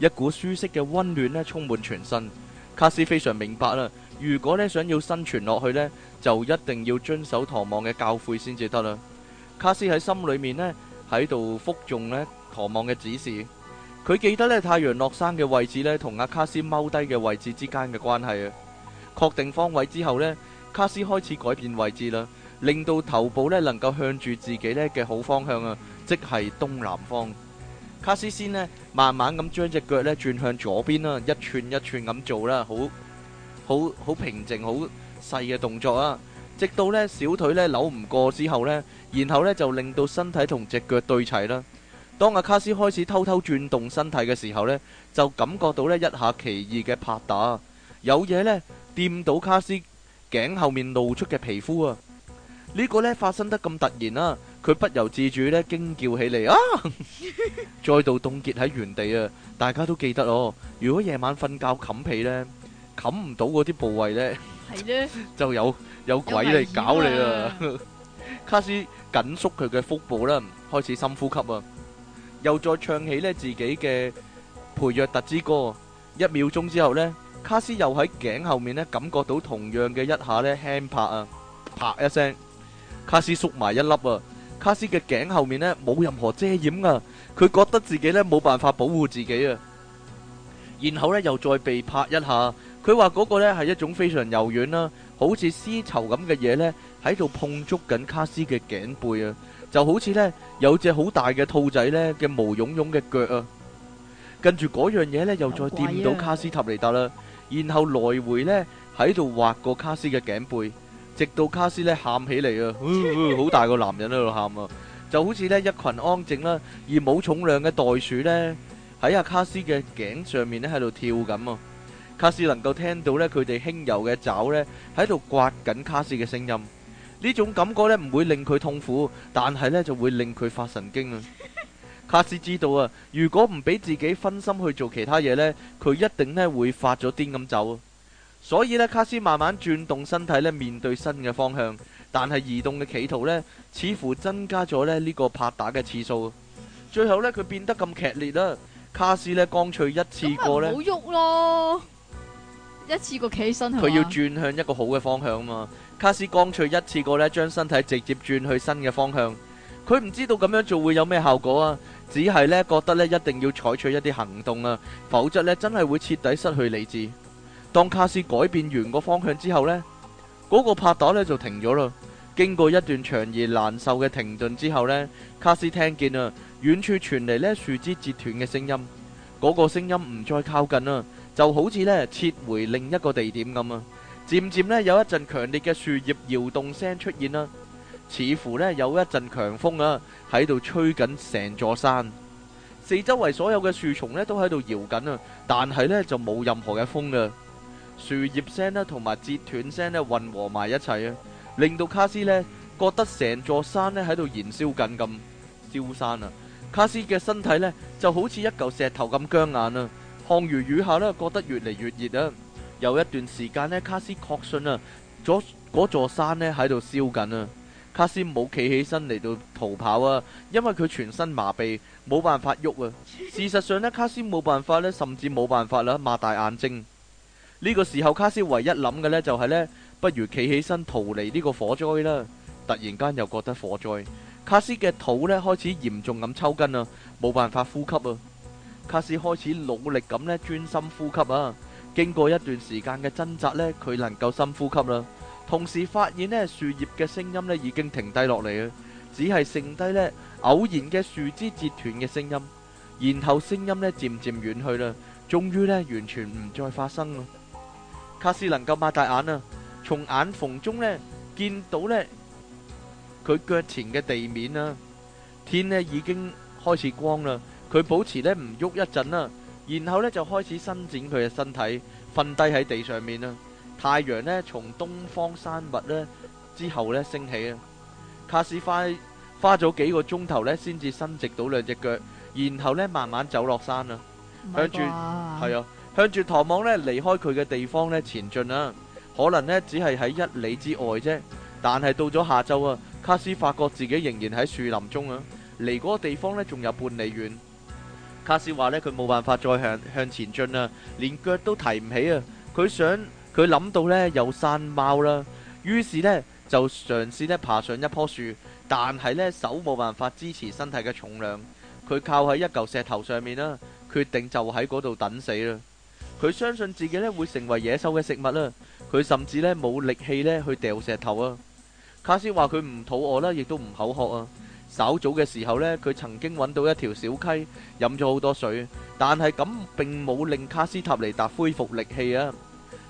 一股舒適嘅溫暖咧充滿全身。卡斯非常明白啦。如果咧想要生存落去咧，就一定要遵守唐望嘅教誨先至得啦。卡斯喺心裏面咧喺度復誦咧唐望嘅指示，佢記得咧太陽落山嘅位置咧同阿卡斯踎低嘅位置之間嘅關係啊。確定方位之後咧，卡斯開始改變位置啦，令到頭部咧能夠向住自己咧嘅好方向啊，即係東南方。卡斯先咧慢慢咁將隻腳咧轉向左邊啦，一寸一寸咁做啦，好。好好平靜，好細嘅動作啊！直到咧小腿咧扭唔過之後咧，然後咧就令到身體同隻腳對齊啦。當阿卡斯開始偷偷轉動身體嘅時候咧，就感覺到咧一下奇異嘅拍打，有嘢咧掂到卡斯頸後面露出嘅皮膚啊！呢個咧發生得咁突然啊，佢不由自主咧驚叫起嚟啊！再度凍結喺原地啊！大家都記得哦，如果夜晚瞓覺冚被咧，冚唔到嗰啲部位咧，就有有鬼嚟搞你啊！卡斯緊縮佢嘅腹部啦，開始深呼吸啊，又再唱起咧自己嘅培約特之歌。一秒鐘之後咧，卡斯又喺頸後面咧感覺到同樣嘅一下咧輕拍啊，啪一聲，卡斯縮埋一粒啊！卡斯嘅頸後面咧冇任何遮掩噶，佢覺得自己咧冇辦法保護自己啊，然後咧又再被拍一下。佢話嗰個呢係一種非常柔軟啦，好似絲綢咁嘅嘢呢喺度碰觸緊卡斯嘅頸背啊，就好似呢有隻好大嘅兔仔呢嘅毛茸茸嘅腳啊，跟住嗰樣嘢呢又再掂到卡斯塔尼達啦，然後來回呢喺度劃過卡斯嘅頸背，直到卡斯呢喊起嚟啊，好大個男人喺度喊啊，就好似呢一群安靜啦而冇重量嘅袋鼠呢喺阿卡斯嘅頸上面呢喺度跳咁啊。卡斯能夠聽到呢佢哋輕柔嘅爪呢，喺度刮緊卡斯嘅聲音，呢種感覺呢唔會令佢痛苦，但係呢就會令佢發神經。一次過企起身，佢要轉向一個好嘅方向啊嘛。卡斯乾脆一次過咧，將身體直接轉去新嘅方向。佢唔知道咁樣做會有咩效果啊，只係咧覺得咧一定要採取一啲行動啊，否則咧真係會徹底失去理智。當卡斯改變完個方向之後呢，嗰個拍打呢就停咗啦。經過一段長而難受嘅停頓之後呢，卡斯聽見啊，遠處傳嚟呢樹枝折斷嘅聲音。嗰個聲音唔再靠近啦。就好似咧撤回另一個地點咁啊，漸漸咧有一陣強烈嘅樹葉搖動聲出現啦，似乎咧有一陣強風啊喺度吹緊成座山，四周圍所有嘅樹叢咧都喺度搖緊啊，但係呢就冇任何嘅風噶，樹葉聲咧同埋折斷聲咧混和埋一齊啊，令到卡斯咧覺得成座山咧喺度燃燒緊咁燒山啊。卡斯嘅身體呢就好似一嚿石頭咁僵硬啊。汗如雨下咧，覺得越嚟越熱啊！有一段時間咧，卡斯確信啊，左嗰座山咧喺度燒緊啊！卡斯冇企起身嚟到逃跑啊，因為佢全身麻痹，冇辦法喐啊！事實上咧，卡斯冇辦法咧，甚至冇辦法啦，擘大眼睛。呢個時候，卡斯唯一諗嘅咧就係咧，不如企起身逃離呢個火災啦！突然間又覺得火災，卡斯嘅肚咧開始嚴重咁抽筋啊，冇辦法呼吸啊！卡斯開始努力咁咧，專心呼吸啊！經過一段時間嘅掙扎咧，佢能夠深呼吸啦。同時發現咧，樹葉嘅聲音咧已經停低落嚟啊！只係剩低咧偶然嘅樹枝折斷嘅聲音，然後聲音咧漸漸遠去啦。終於咧，完全唔再發生。卡斯能夠擘大眼啊，從眼縫中咧見到咧佢腳前嘅地面啊，天咧已經開始光啦。佢保持咧唔喐一陣啦，然後呢就開始伸展佢嘅身體，瞓低喺地上面啦。太陽咧從東方山脈咧之後咧升起啊。卡斯花花咗幾個鐘頭咧，先至伸直到兩隻腳，然後呢慢慢走落山啦，向住係啊，向住唐望咧離開佢嘅地方咧前進啦。可能呢只係喺一里之外啫，但係到咗下晝啊，卡斯發覺自己仍然喺樹林中啊，離嗰個地方咧仲有半里遠。卡斯話呢，佢冇辦法再向向前進啦，連腳都提唔起啊。佢想，佢諗到呢有山貓啦，於是呢就嘗試呢爬上一棵樹，但係呢手冇辦法支持身體嘅重量，佢靠喺一嚿石頭上面啦，決定就喺嗰度等死啦。佢相信自己呢會成為野獸嘅食物啦。佢甚至呢冇力氣呢去掉石頭啊。卡斯話佢唔肚餓啦，亦都唔口渴啊。稍早嘅時候咧，佢曾經揾到一條小溪，飲咗好多水，但係咁並冇令卡斯塔尼達恢復力氣啊。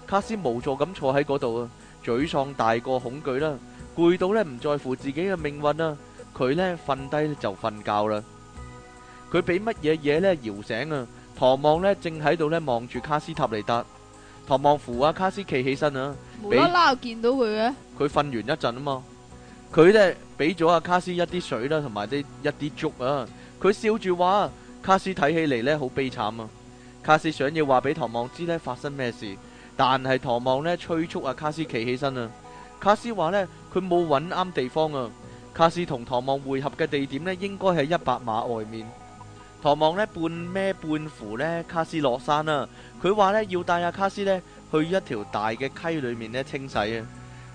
卡斯無助咁坐喺嗰度啊，沮喪大過恐懼啦，攰到咧唔在乎自己嘅命運啊，佢咧瞓低就瞓覺啦。佢俾乜嘢嘢咧搖醒啊？唐望咧正喺度咧望住卡斯塔尼達，唐望扶阿卡斯企起身啊。冇啦啦見到佢啊。佢瞓完一陣啊嘛，佢咧。俾咗阿卡斯一啲水啦，同埋啲一啲粥啊！佢笑住話：卡斯睇起嚟呢好悲慘啊！卡斯想要話俾唐望知呢發生咩事，但係唐望呢催促阿卡斯企起身啊！卡斯話呢，佢冇揾啱地方啊！卡斯同唐望匯合嘅地點呢應該係一百碼外面。唐望呢半咩半扶呢，卡斯落山啊。佢話呢要帶阿卡斯呢去一條大嘅溪裏面呢清洗啊！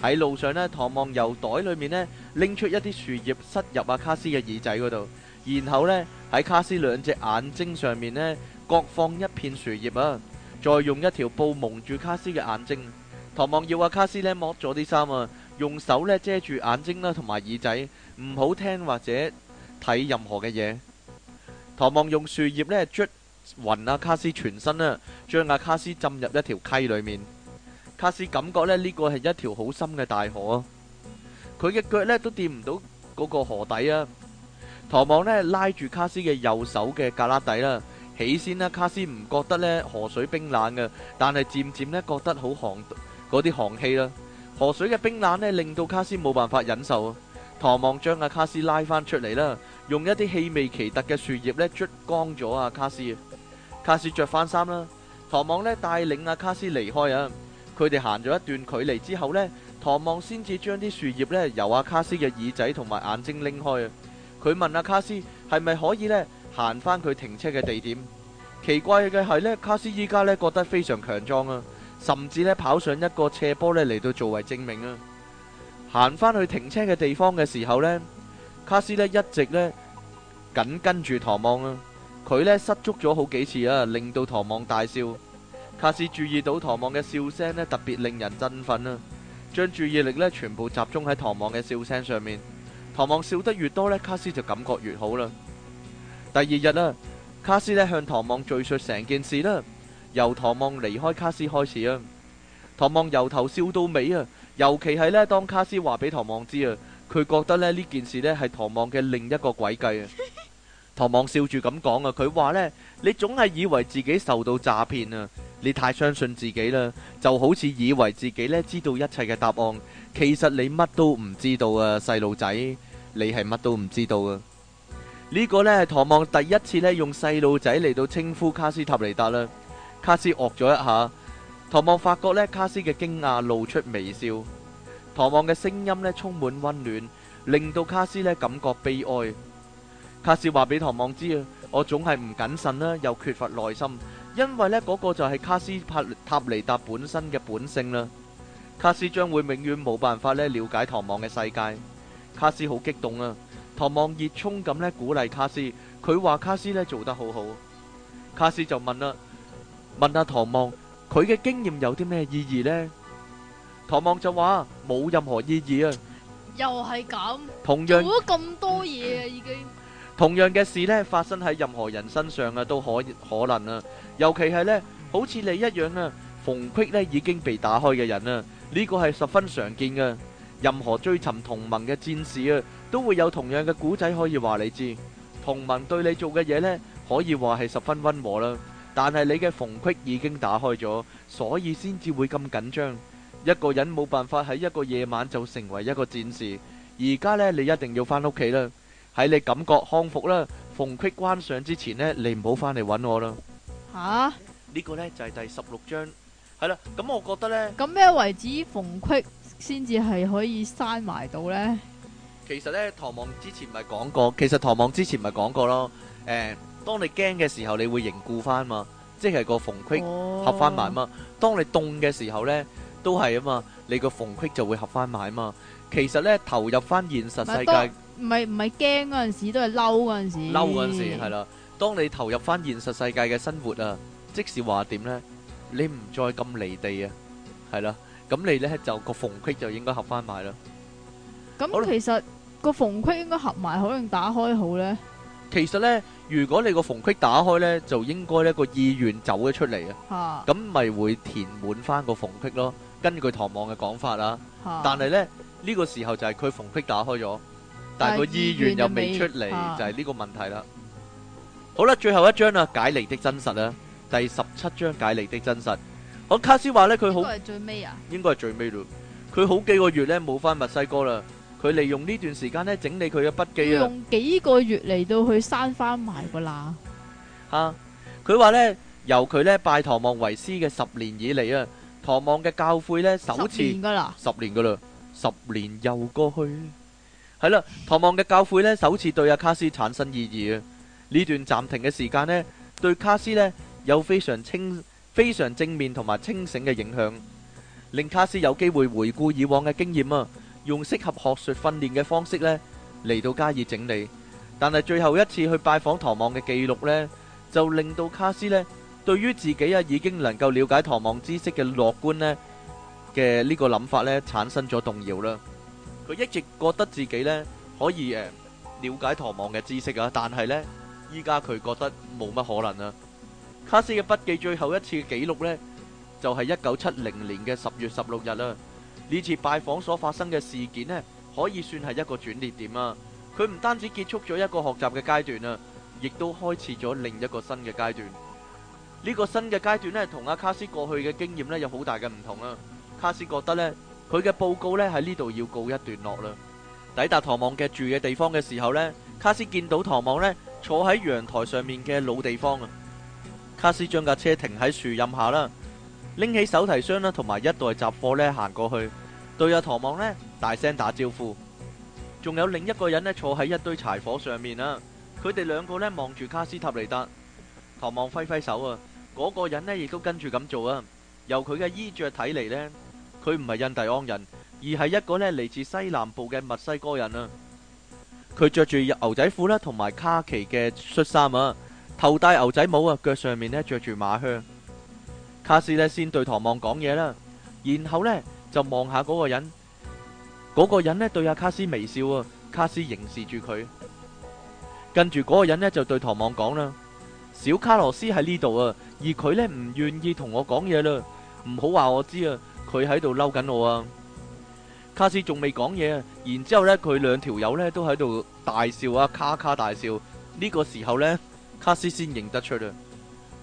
喺路上呢，唐望由袋裏面呢拎出一啲樹葉，塞入阿、啊、卡斯嘅耳仔嗰度，然後呢，喺卡斯兩隻眼睛上面呢各放一片樹葉啊，再用一條布蒙住卡斯嘅眼睛。唐望要阿、啊、卡斯呢剝咗啲衫啊，用手呢遮住眼睛啦，同埋耳仔，唔好聽或者睇任何嘅嘢。唐望用樹葉呢捽勻阿、啊、卡斯全身啊，將阿、啊、卡斯浸入一條溪裏面。卡斯感覺呢，呢個係一條好深嘅大河，佢嘅腳呢都掂唔到嗰個河底啊。唐望呢拉住卡斯嘅右手嘅格拉底啦。起先咧，卡斯唔覺得咧，河水冰冷嘅，但係漸漸呢覺得好寒嗰啲寒氣啦。河水嘅冰冷呢令到卡斯冇辦法忍受啊。唐望將阿卡斯拉翻出嚟啦，用一啲氣味奇特嘅樹葉呢捽乾咗阿卡斯。卡斯着翻衫啦。唐望呢帶領阿卡斯離開啊。佢哋行咗一段距離之後呢唐望先至將啲樹葉呢由阿卡斯嘅耳仔同埋眼睛拎開啊！佢問阿卡斯：係咪可以呢行返佢停車嘅地點？奇怪嘅係呢，卡斯依家呢覺得非常強壯啊，甚至呢跑上一個斜坡呢嚟到作為證明啊！行返去停車嘅地方嘅時候呢，卡斯呢一直呢緊緊跟住唐望啊！佢呢失足咗好幾次啊，令到唐望大笑。卡斯注意到唐望嘅笑聲呢，特別令人振奮啊。將注意力呢，全部集中喺唐望嘅笑聲上面。唐望笑得越多呢，卡斯就感覺越好啦。第二日啊，卡斯呢向唐望敘述成件事啦，由唐望離開卡斯開始啊。唐望由頭笑到尾啊，尤其係呢，當卡斯話俾唐望知啊，佢覺得呢呢件事呢係唐望嘅另一個詭計啊。唐望笑住咁講啊，佢話呢：「你總係以為自己受到詐騙啊。你太相信自己啦，就好似以為自己咧，知道一切嘅答案。其實你乜都唔知道啊，細路仔，你係乜都唔知道啊！呢、呢個呢，係唐望第一次咧用細路仔嚟到稱呼卡斯塔尼達啦。卡斯愕咗一下，唐望發覺咧卡斯嘅驚訝，露出微笑。唐望嘅聲音咧充滿溫暖，令到卡斯咧感覺悲哀。卡斯話俾唐望知啊，我總係唔謹慎啦，又缺乏耐心。因為咧嗰個就係卡斯塔尼達本身嘅本性啦，卡斯將會永遠冇辦法咧了解唐望嘅世界。卡斯好激動啊，唐望熱衷咁咧鼓勵卡斯，佢話卡斯咧做得好好。卡斯就問啦，問阿唐望，佢嘅經驗有啲咩意義咧？唐望就話冇任何意義啊，又係咁，同樣，做咗咁多嘢啊已經。同樣嘅事咧，發生喺任何人身上啊，都可可能啊。尤其係咧，好似你一樣啊，縫隙咧已經被打開嘅人啊，呢個係十分常見噶任何追尋同盟嘅戰士啊，都會有同樣嘅古仔可以話你知。同盟對你做嘅嘢咧，可以話係十分溫和啦。但係你嘅縫隙已經打開咗，所以先至會咁緊張。一個人冇辦法喺一個夜晚就成為一個戰士。而家咧，你一定要返屋企啦。喺你感覺康復啦，縫隙關上之前咧，你唔好翻嚟揾我啦。嚇！呢個咧就係第十六章。係啦，咁我覺得咧。咁咩為止縫隙先至係可以閂埋到咧？其實咧，唐望之前咪講過，其實唐望之前咪講過咯。誒，當你驚嘅時候，你會凝固翻嘛，即係個縫隙合翻埋嘛。當你凍嘅時候咧，都係啊嘛，你個縫隙就會合翻埋嘛。其實咧，投入翻現實世界。唔係唔係驚嗰陣時，都係嬲嗰陣時。嬲嗰陣時係啦。當你投入翻現實世界嘅生活啊，即使話點咧？你唔再咁離地啊，係啦。咁你咧就個縫隙就應該合翻埋啦。咁其實個縫隙應該合埋，可能打開好咧。其實咧，如果你個縫隙打開咧，就應該咧個意願走咗出嚟啊。吓，咁咪會填滿翻個縫隙咯。根據唐望嘅講法啦，但係咧呢個時候就係佢縫隙打開咗。個意願又未出嚟，就係呢個問題啦。好啦，最後一章啦，《解離的真實》啦，第十七章《解離的真實》。我卡斯話咧，佢好應該係最尾啊，應該係最尾咯。佢好幾個月咧冇翻墨西哥啦。佢利用呢段時間咧，整理佢嘅筆記啊。用幾個月嚟到去刪翻埋個罅啊！佢話咧，由佢咧拜唐望維斯嘅十年以嚟啊，唐望嘅教誨咧，首次十年噶啦，十年噶啦，十年又過去。係啦，唐望嘅教誨咧，首次對阿卡斯產生意義啊！呢段暫停嘅時間咧，對卡斯咧有非常清、非常正面同埋清醒嘅影響，令卡斯有機會回顧以往嘅經驗啊，用適合學術訓練嘅方式咧嚟到加以整理。但係最後一次去拜訪唐望嘅記錄咧，就令到卡斯咧對於自己啊已經能夠了解唐望知識嘅樂觀咧嘅呢個諗法咧，產生咗動搖啦。佢一直覺得自己咧可以誒了解唐望嘅知識啊，但係呢，依家佢覺得冇乜可能啊。卡斯嘅筆記最後一次記錄呢，就係一九七零年嘅十月十六日啦、啊。呢次拜訪所發生嘅事件呢，可以算係一個轉捩點啊。佢唔單止結束咗一個學習嘅階段啊，亦都開始咗另一個新嘅階段。呢、這個新嘅階段呢，同阿、啊、卡斯過去嘅經驗呢，有好大嘅唔同啊。卡斯覺得呢。佢嘅報告咧喺呢度要告一段落啦。抵達唐望嘅住嘅地方嘅時候呢，卡斯見到唐望咧坐喺陽台上面嘅老地方啊。卡斯將架車停喺樹蔭下啦，拎起手提箱啦，同埋一袋雜貨咧行過去，對阿唐望呢，大聲打招呼。仲有另一個人咧坐喺一堆柴火上面啊。佢哋兩個咧望住卡斯塔利達，唐望揮揮手啊，嗰個人咧亦都跟住咁做啊。由佢嘅衣着睇嚟呢。佢唔係印第安人，而係一個咧嚟自西南部嘅墨西哥人啊！佢着住牛仔褲咧，同埋卡其嘅恤衫啊，頭戴牛仔帽啊，腳上面咧着住馬靴。卡斯咧先對唐望講嘢啦，然後呢就望下嗰個人，嗰個人咧對阿卡斯微笑啊，卡斯凝視住佢。跟住嗰個人咧就對唐望講啦：小卡羅斯喺呢度啊，而佢呢唔願意同我講嘢啦，唔好話我知啊！佢喺度嬲緊我啊！卡斯仲未講嘢啊，然之後咧佢兩條友呢都喺度大笑啊，卡卡大笑。呢個時候呢，卡斯先認得出啊。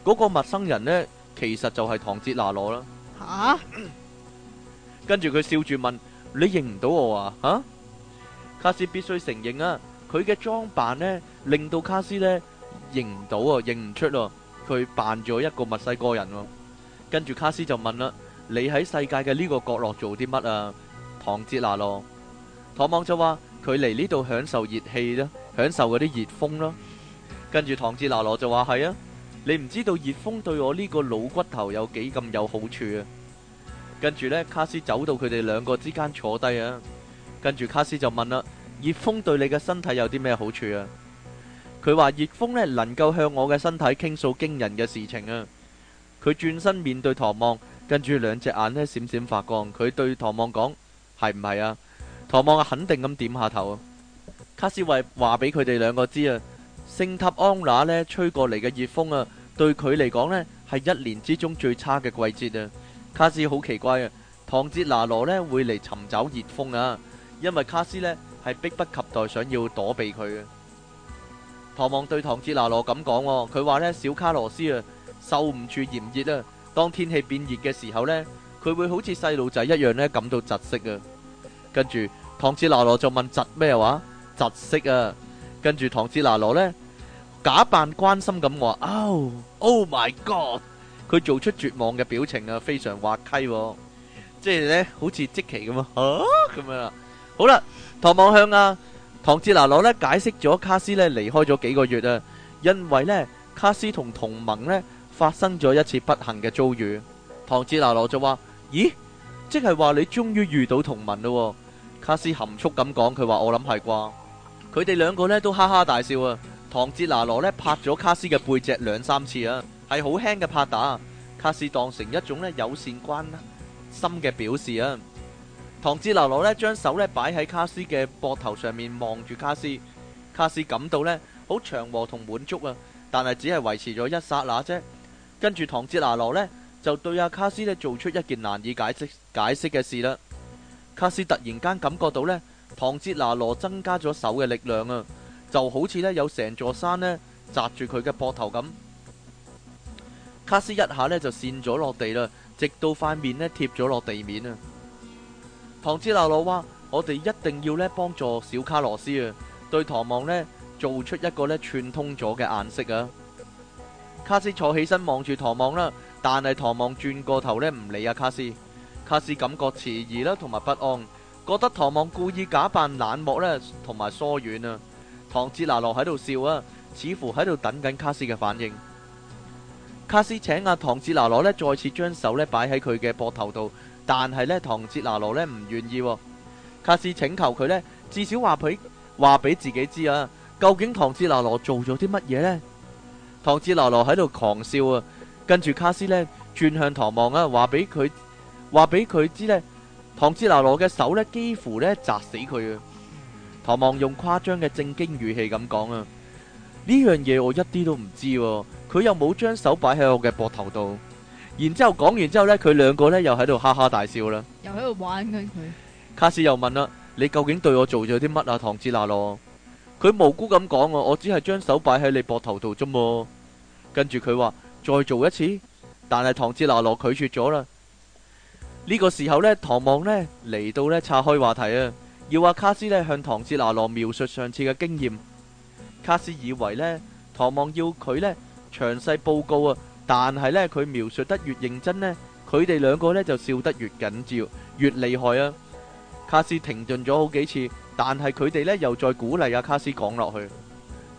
嗰個陌生人呢，其實就係唐哲娜羅啦。吓！跟住佢笑住問：你認唔到我啊？吓、啊！卡斯必須承認啊，佢嘅裝扮呢，令到卡斯呢認唔到啊，認唔出咯。佢扮咗一個墨西哥人咯。跟住卡斯就問啦。你喺世界嘅呢個角落做啲乜啊？唐哲拿羅唐望就話佢嚟呢度享受熱氣啦，享受嗰啲熱風囉。跟住唐哲拿羅就話係啊，你唔知道熱風對我呢個老骨頭有幾咁有好處啊。跟住呢卡斯走到佢哋兩個之間坐低啊。跟住卡斯就問啦：熱風對你嘅身體有啲咩好處啊？佢話熱風呢能夠向我嘅身體傾訴驚人嘅事情啊。佢轉身面對唐望。跟住兩隻眼呢閃閃發光，佢對唐望講：係唔係啊？唐望啊肯定咁點下頭啊。卡斯維話俾佢哋兩個知啊，聖塔安那呢吹過嚟嘅熱風啊，對佢嚟講呢係一年之中最差嘅季節啊。卡斯好奇怪啊，唐哲拿羅呢會嚟尋找熱風啊，因為卡斯呢係迫不及待想要躲避佢嘅。唐望對唐哲拿羅咁講喎，佢話呢：「小卡羅斯啊受唔住炎熱啊。當天氣變熱嘅時候呢，佢會好似細路仔一樣呢感到窒息啊！跟住唐哲拿羅就問窒咩話？窒息啊！跟住唐哲拿羅呢假扮關心咁話：Oh，oh my god！佢做出絕望嘅表情啊，非常滑稽，即係呢好似即其咁啊嚇咁樣啦！好啦，唐望向啊唐哲拿羅呢解釋咗卡斯呢離開咗幾個月啊，因為呢卡斯同同盟呢，發生咗一次不幸嘅遭遇，唐哲拿羅就話：咦，即係話你終於遇到同文咯？卡斯含蓄咁講，佢話我諗係啩。佢哋兩個呢都哈哈大笑啊。唐哲拿羅呢拍咗卡斯嘅背脊兩三次啊，係好輕嘅拍打，卡斯當成一種呢友善關心嘅表示啊。唐哲拿羅呢將手呢擺喺卡斯嘅膊頭上面望住卡斯，卡斯感到呢好祥和同滿足啊，但係只係維持咗一剎那啫。跟住唐哲拿羅呢，就對阿卡斯咧做出一件難以解釋解釋嘅事啦。卡斯突然間感覺到呢，唐哲拿羅增加咗手嘅力量啊，就好似呢有成座山呢砸住佢嘅膊頭咁。卡斯一下呢就跣咗落地啦，直到塊面呢貼咗落地面啊。唐哲拿羅話，我哋一定要呢幫助小卡羅斯啊。對唐望呢做出一個呢串通咗嘅眼色啊。卡斯坐起身望住唐望啦，但係唐望轉過頭呢唔理阿、啊、卡斯，卡斯感覺遲疑啦同埋不安，覺得唐望故意假扮冷漠呢，同埋疏遠啊。唐哲拿羅喺度笑啊，似乎喺度等緊卡斯嘅反應。卡斯請阿、啊、唐哲拿羅呢再次將手呢擺喺佢嘅膊頭度，但係呢唐哲拿羅呢唔願意。卡斯請求佢呢，至少話俾話俾自己知啊，究竟唐哲拿羅做咗啲乜嘢呢？唐智拿羅喺度狂笑啊！跟住卡斯咧轉向唐望啊，話俾佢話俾佢知咧，唐智拿羅嘅手咧幾乎呢砸死佢啊！唐望用誇張嘅正經語氣咁講啊！呢樣嘢我一啲都唔知、啊，佢又冇將手擺喺我嘅膊頭度。然之後講完之後呢，佢兩個呢又喺度哈哈大笑啦。又喺度玩緊佢。卡斯又問啦、啊：你究竟對我做咗啲乜啊？唐智拿羅。佢無辜咁講喎，我只係將手擺喺你膊頭度啫喎。跟住佢話再做一次，但係唐志拿羅拒絕咗啦。呢個時候呢，唐望呢嚟到呢，岔開話題啊，要阿卡斯呢向唐志拿羅描述上次嘅經驗。卡斯以為呢，唐望要佢呢詳細報告啊，但係呢，佢描述得越認真呢，佢哋兩個呢就笑得越緊照，越厲害啊！卡斯停頓咗好幾次，但係佢哋呢又再鼓勵阿卡斯講落去。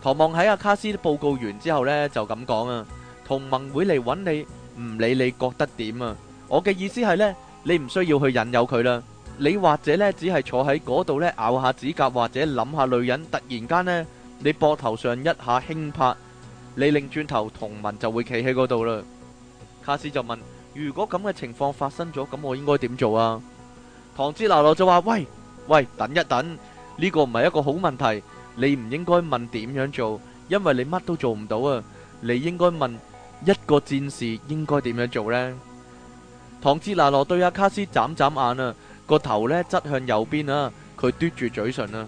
唐望喺阿卡斯報告完之後呢，就咁講啊，同盟會嚟揾你，唔理你覺得點啊，我嘅意思係呢，你唔需要去引誘佢啦，你或者呢，只係坐喺嗰度呢，咬下指甲或者諗下女人。突然間呢，你膊頭上一下輕拍，你擰轉頭，同盟就會企喺嗰度啦。卡斯就問：如果咁嘅情況發生咗，咁我應該點做啊？唐哲拿羅就話：喂喂，等一等，呢個唔係一個好問題，你唔應該問點樣做，因為你乜都做唔到啊！你應該問一個戰士應該點樣做呢？」唐哲拿羅對阿卡斯眨眨眼啊，個頭呢側向右邊啊，佢嘟住嘴唇啊。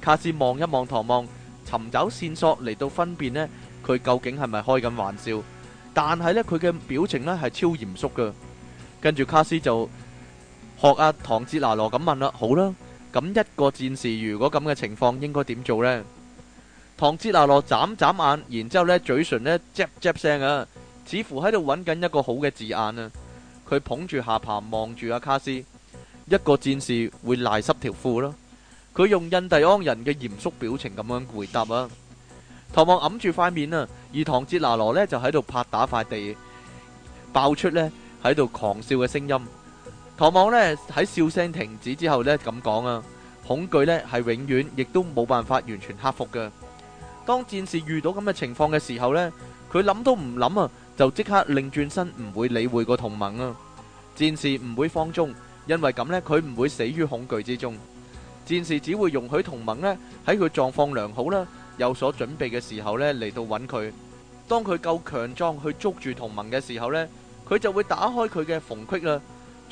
卡斯望一望唐望，尋找線索嚟到分辨呢，佢究竟係咪開緊玩笑？但係呢，佢嘅表情呢係超嚴肅噶。跟住卡斯就。學阿唐哲拿羅咁問啦，好啦，咁一個戰士如果咁嘅情況應該點做呢？唐哲拿羅唐望咧喺笑聲停止之後咧咁講啊，恐懼咧係永遠亦都冇辦法完全克服嘅。當戰士遇到咁嘅情況嘅時候咧，佢諗都唔諗啊，就即刻擰轉身，唔會理會個同盟啊。戰士唔會放縱，因為咁咧佢唔會死於恐懼之中。戰士只會容許同盟咧喺佢狀況良好啦，有所準備嘅時候咧，嚟到揾佢。當佢夠強壯去捉住同盟嘅時候咧，佢就會打開佢嘅縫隙啦。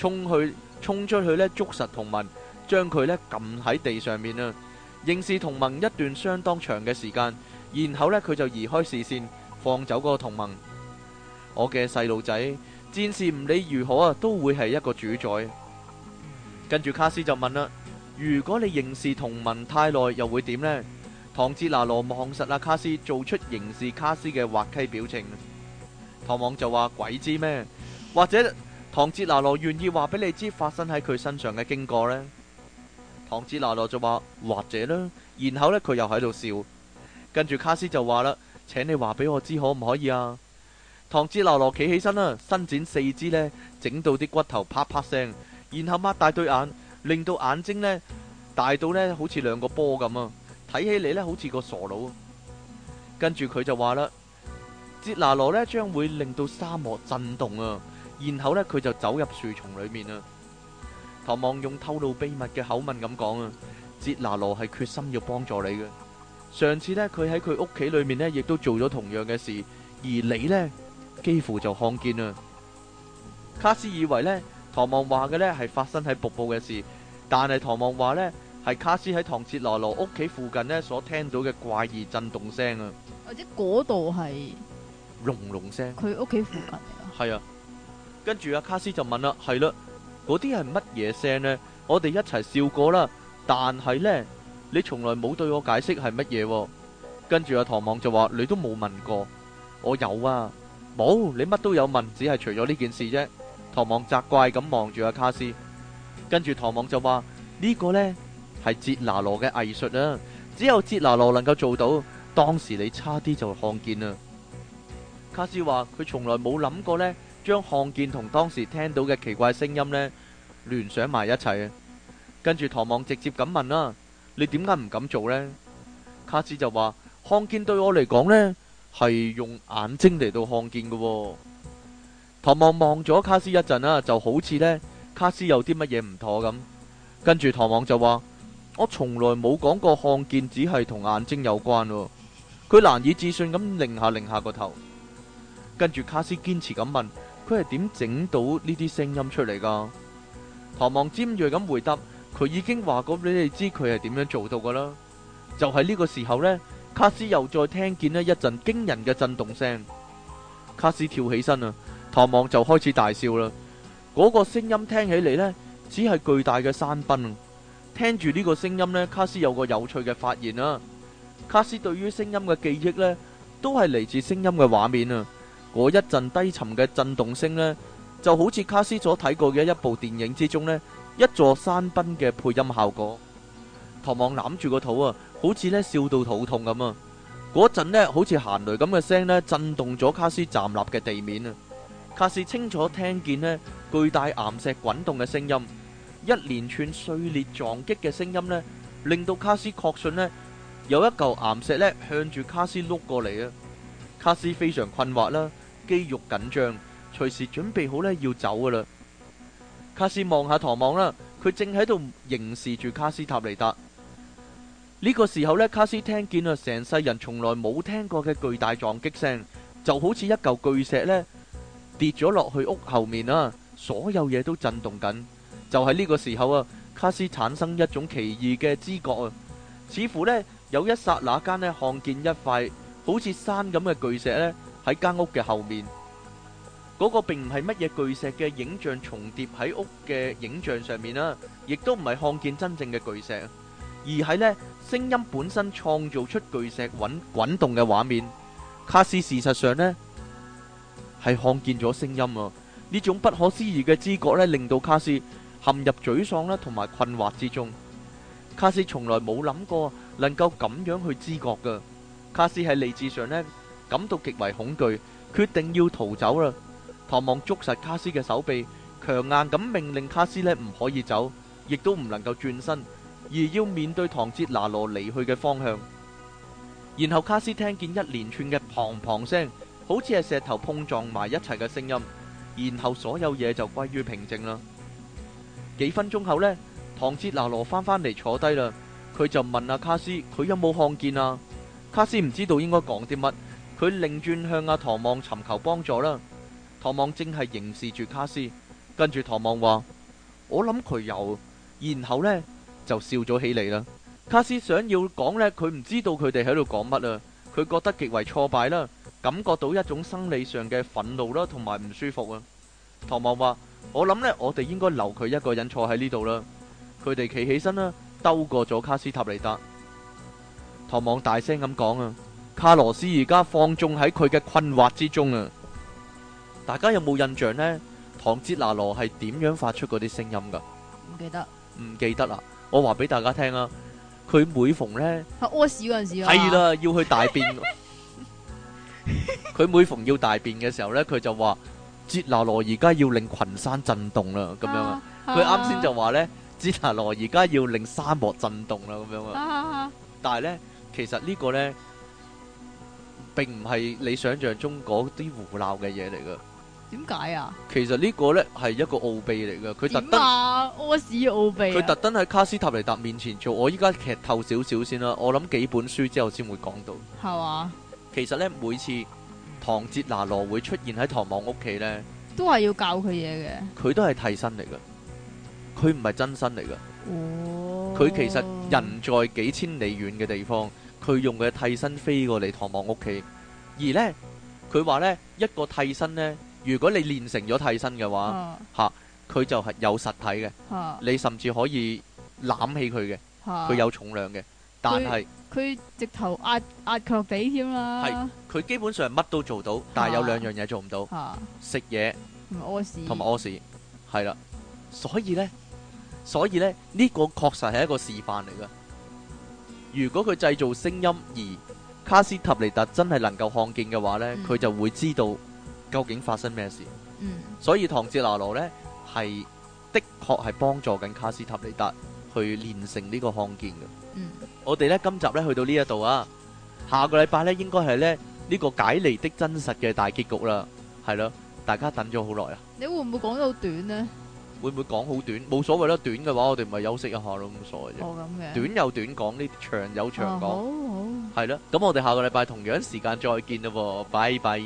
衝去衝出去咧，捉實同盟，將佢咧撳喺地上面啊，凝視同盟一段相當長嘅時間，然後呢，佢就移開視線，放走嗰個同盟。我嘅細路仔，戰士唔理如何啊，都會係一個主宰。跟住卡斯就問啦：如果你凝視同盟太耐，又會點呢？唐哲拿羅望實阿卡斯，做出凝視卡斯嘅滑稽表情。唐望就話：鬼知咩？或者？唐哲拿羅願意話俾你知發生喺佢身上嘅經過呢？唐哲拿羅就話或者啦，然後呢，佢又喺度笑，跟住卡斯就話啦，請你話俾我知可唔可以啊？唐哲拿羅企起身啦，伸展四肢呢，整到啲骨頭啪啪聲，然後擘大對眼，令到眼睛呢大到呢好似兩個波咁啊，睇起嚟呢好似個傻佬。跟住佢就話啦，哲拿羅呢將會令到沙漠震動啊！然後呢，佢就走入樹叢裏面啦。唐望用透露秘密嘅口吻咁講啊，哲拿羅係決心要幫助你嘅。上次呢，佢喺佢屋企裏面呢，亦都做咗同樣嘅事，而你呢，幾乎就看見啦。卡斯以為呢，唐望話嘅呢係發生喺瀑布嘅事，但係唐望話呢，係卡斯喺唐哲拿羅屋企附近呢所聽到嘅怪異震動聲啊，或者嗰度係隆隆聲，佢屋企附近嚟噶，係啊。跟住阿、啊，卡斯就問啦，係啦，嗰啲係乜嘢聲呢？我哋一齊笑過啦，但係呢，你從來冇對我解釋係乜嘢。跟住阿唐望就話，你都冇問過，我有啊，冇你乜都有問，只係除咗呢件事啫。唐望責怪咁望住阿卡斯，跟住唐望就話呢，這個呢，係杰拿羅嘅藝術啊，只有杰拿羅能夠做到。當時你差啲就看見啦。卡斯話佢從來冇諗過呢。」將看見同當時聽到嘅奇怪聲音呢，聯想埋一齊。跟住唐望直接咁問啦、啊：你點解唔敢做呢？」卡斯就話：看見對我嚟講呢，係用眼睛嚟到、哦、看見嘅。唐望望咗卡斯一陣啦，就好似呢，卡斯有啲乜嘢唔妥咁。跟住唐望就話：我從來冇講過看見只係同眼睛有關咯。佢難以置信咁擰下擰下個頭，跟住卡斯堅持咁問。佢係點整到呢啲聲音出嚟噶？唐望尖銳咁回答：佢已經話過俾你哋知，佢係點樣做到噶啦。就喺呢個時候呢，卡斯又再聽見呢一陣驚人嘅震動聲。卡斯跳起身啊，唐望就開始大笑啦。嗰個聲音聽起嚟呢，只係巨大嘅山崩。聽住呢個聲音呢，卡斯有個有趣嘅發現啦。卡斯對於聲音嘅記憶呢，都係嚟自聲音嘅畫面啊。嗰一陣低沉嘅震動聲呢，就好似卡斯所睇過嘅一部電影之中呢，一座山崩嘅配音效果。唐望攬住個肚啊，好似呢笑到肚痛咁啊！嗰陣呢，好似行雷咁嘅聲呢，震動咗卡斯站立嘅地面啊！卡斯清楚聽見呢巨大岩石滾動嘅聲音，一連串碎裂撞擊嘅聲音呢，令到卡斯確信呢有一嚿岩石呢向住卡斯碌過嚟啊！卡斯非常困惑啦。肌肉緊張，隨時準備好呢要走噶啦。卡斯望下唐望啦，佢正喺度凝視住卡斯塔尼達。呢個時候呢，卡斯聽見啊成世人從來冇聽過嘅巨大撞擊聲，就好似一嚿巨石呢跌咗落去屋後面啊！所有嘢都震動緊。就喺呢個時候啊，卡斯產生一種奇異嘅知覺啊，似乎呢，有一剎那間呢，看見一塊好似山咁嘅巨石呢。喺間屋嘅後面，嗰個並唔係乜嘢巨石嘅影像重疊喺屋嘅影像上面啦，亦都唔係看見真正嘅巨石，而係呢聲音本身創造出巨石滾滾動嘅畫面。卡斯事實上呢，係看見咗聲音啊！呢種不可思議嘅知覺呢，令到卡斯陷入沮喪啦同埋困惑之中。卡斯從來冇諗過能夠咁樣去知覺噶。卡斯喺理智上呢。感到極為恐懼，決定要逃走啦。唐望捉實卡斯嘅手臂，強硬咁命令卡斯呢，唔可以走，亦都唔能夠轉身，而要面對唐哲拿羅離去嘅方向。然後卡斯聽見一連串嘅砰砰聲，好似係石頭碰撞埋一齊嘅聲音。然後所有嘢就歸於平靜啦。幾分鐘後呢，唐哲拿羅翻返嚟坐低啦，佢就問阿、啊、卡斯：佢有冇看見啊？卡斯唔知道應該講啲乜。佢擰轉向阿、啊、唐望尋求幫助啦，唐望正係凝視住卡斯，跟住唐望話：我諗佢有，然後呢，就笑咗起嚟啦。卡斯想要講呢，佢唔知道佢哋喺度講乜啦，佢覺得極為挫敗啦，感覺到一種生理上嘅憤怒啦，同埋唔舒服啊。唐望話：我諗呢，我哋應該留佢一個人坐喺呢度啦。佢哋企起身啦，兜過咗卡斯塔尼達。唐望大聲咁講啊！帕羅斯而家放縱喺佢嘅困惑之中啊！大家有冇印象呢？唐哲拿羅係點樣發出嗰啲聲音噶？唔記得，唔記得啦！我話俾大家聽啊，佢每逢咧喺屙屎嗰陣時係啦，要去大便。佢每逢要大便嘅時候咧，佢就話：哲拿羅而家要令群山震動啦！咁樣啊，佢啱先就話咧，哲拿羅而家要令沙漠震動啦！咁樣啊，但係咧，其實呢個咧。並唔係你想象中嗰啲胡鬧嘅嘢嚟噶，點解啊？其實呢個咧係一個奧秘嚟噶，佢特登屙屎奧秘。佢特登喺卡斯塔尼達面前做，我依家劇透少少先啦，我諗幾本書之後先會講到。係嘛？其實咧，每次唐哲拿羅會出現喺唐望屋企咧，都係要教佢嘢嘅。佢都係替身嚟噶，佢唔係真身嚟噶。哦，佢其實人在幾千里遠嘅地方。佢用嘅替身飛過嚟唐望屋企，而呢佢話呢一個替身呢，如果你練成咗替身嘅話，吓佢就係有實體嘅，你甚至可以攬起佢嘅，佢有重量嘅，但係佢直頭壓壓腳畀添啦。係佢基本上乜都做到，但係有兩樣嘢做唔到，食嘢同埋屙屎，係啦。所以呢，所以呢呢個確實係一個示範嚟噶。如果佢製造聲音，而卡斯塔尼達真係能夠看見嘅話呢，佢、嗯、就會知道究竟發生咩事。嗯、所以唐哲拿羅呢，係的確係幫助緊卡斯塔尼達去練成呢個看見嘅。嗯、我哋呢今集咧去到呢一度啊，下個禮拜咧應該係咧呢、呢個解離的真實嘅大結局啦，係咯，大家等咗好耐啊！你會唔會講到短呢？會唔會講好短？冇所謂啦，短嘅話我哋咪休息一下都咁所謂啫。短有短講，呢長有長講，係咯、啊。咁我哋下個禮拜同樣時間再見啦，喎，拜拜。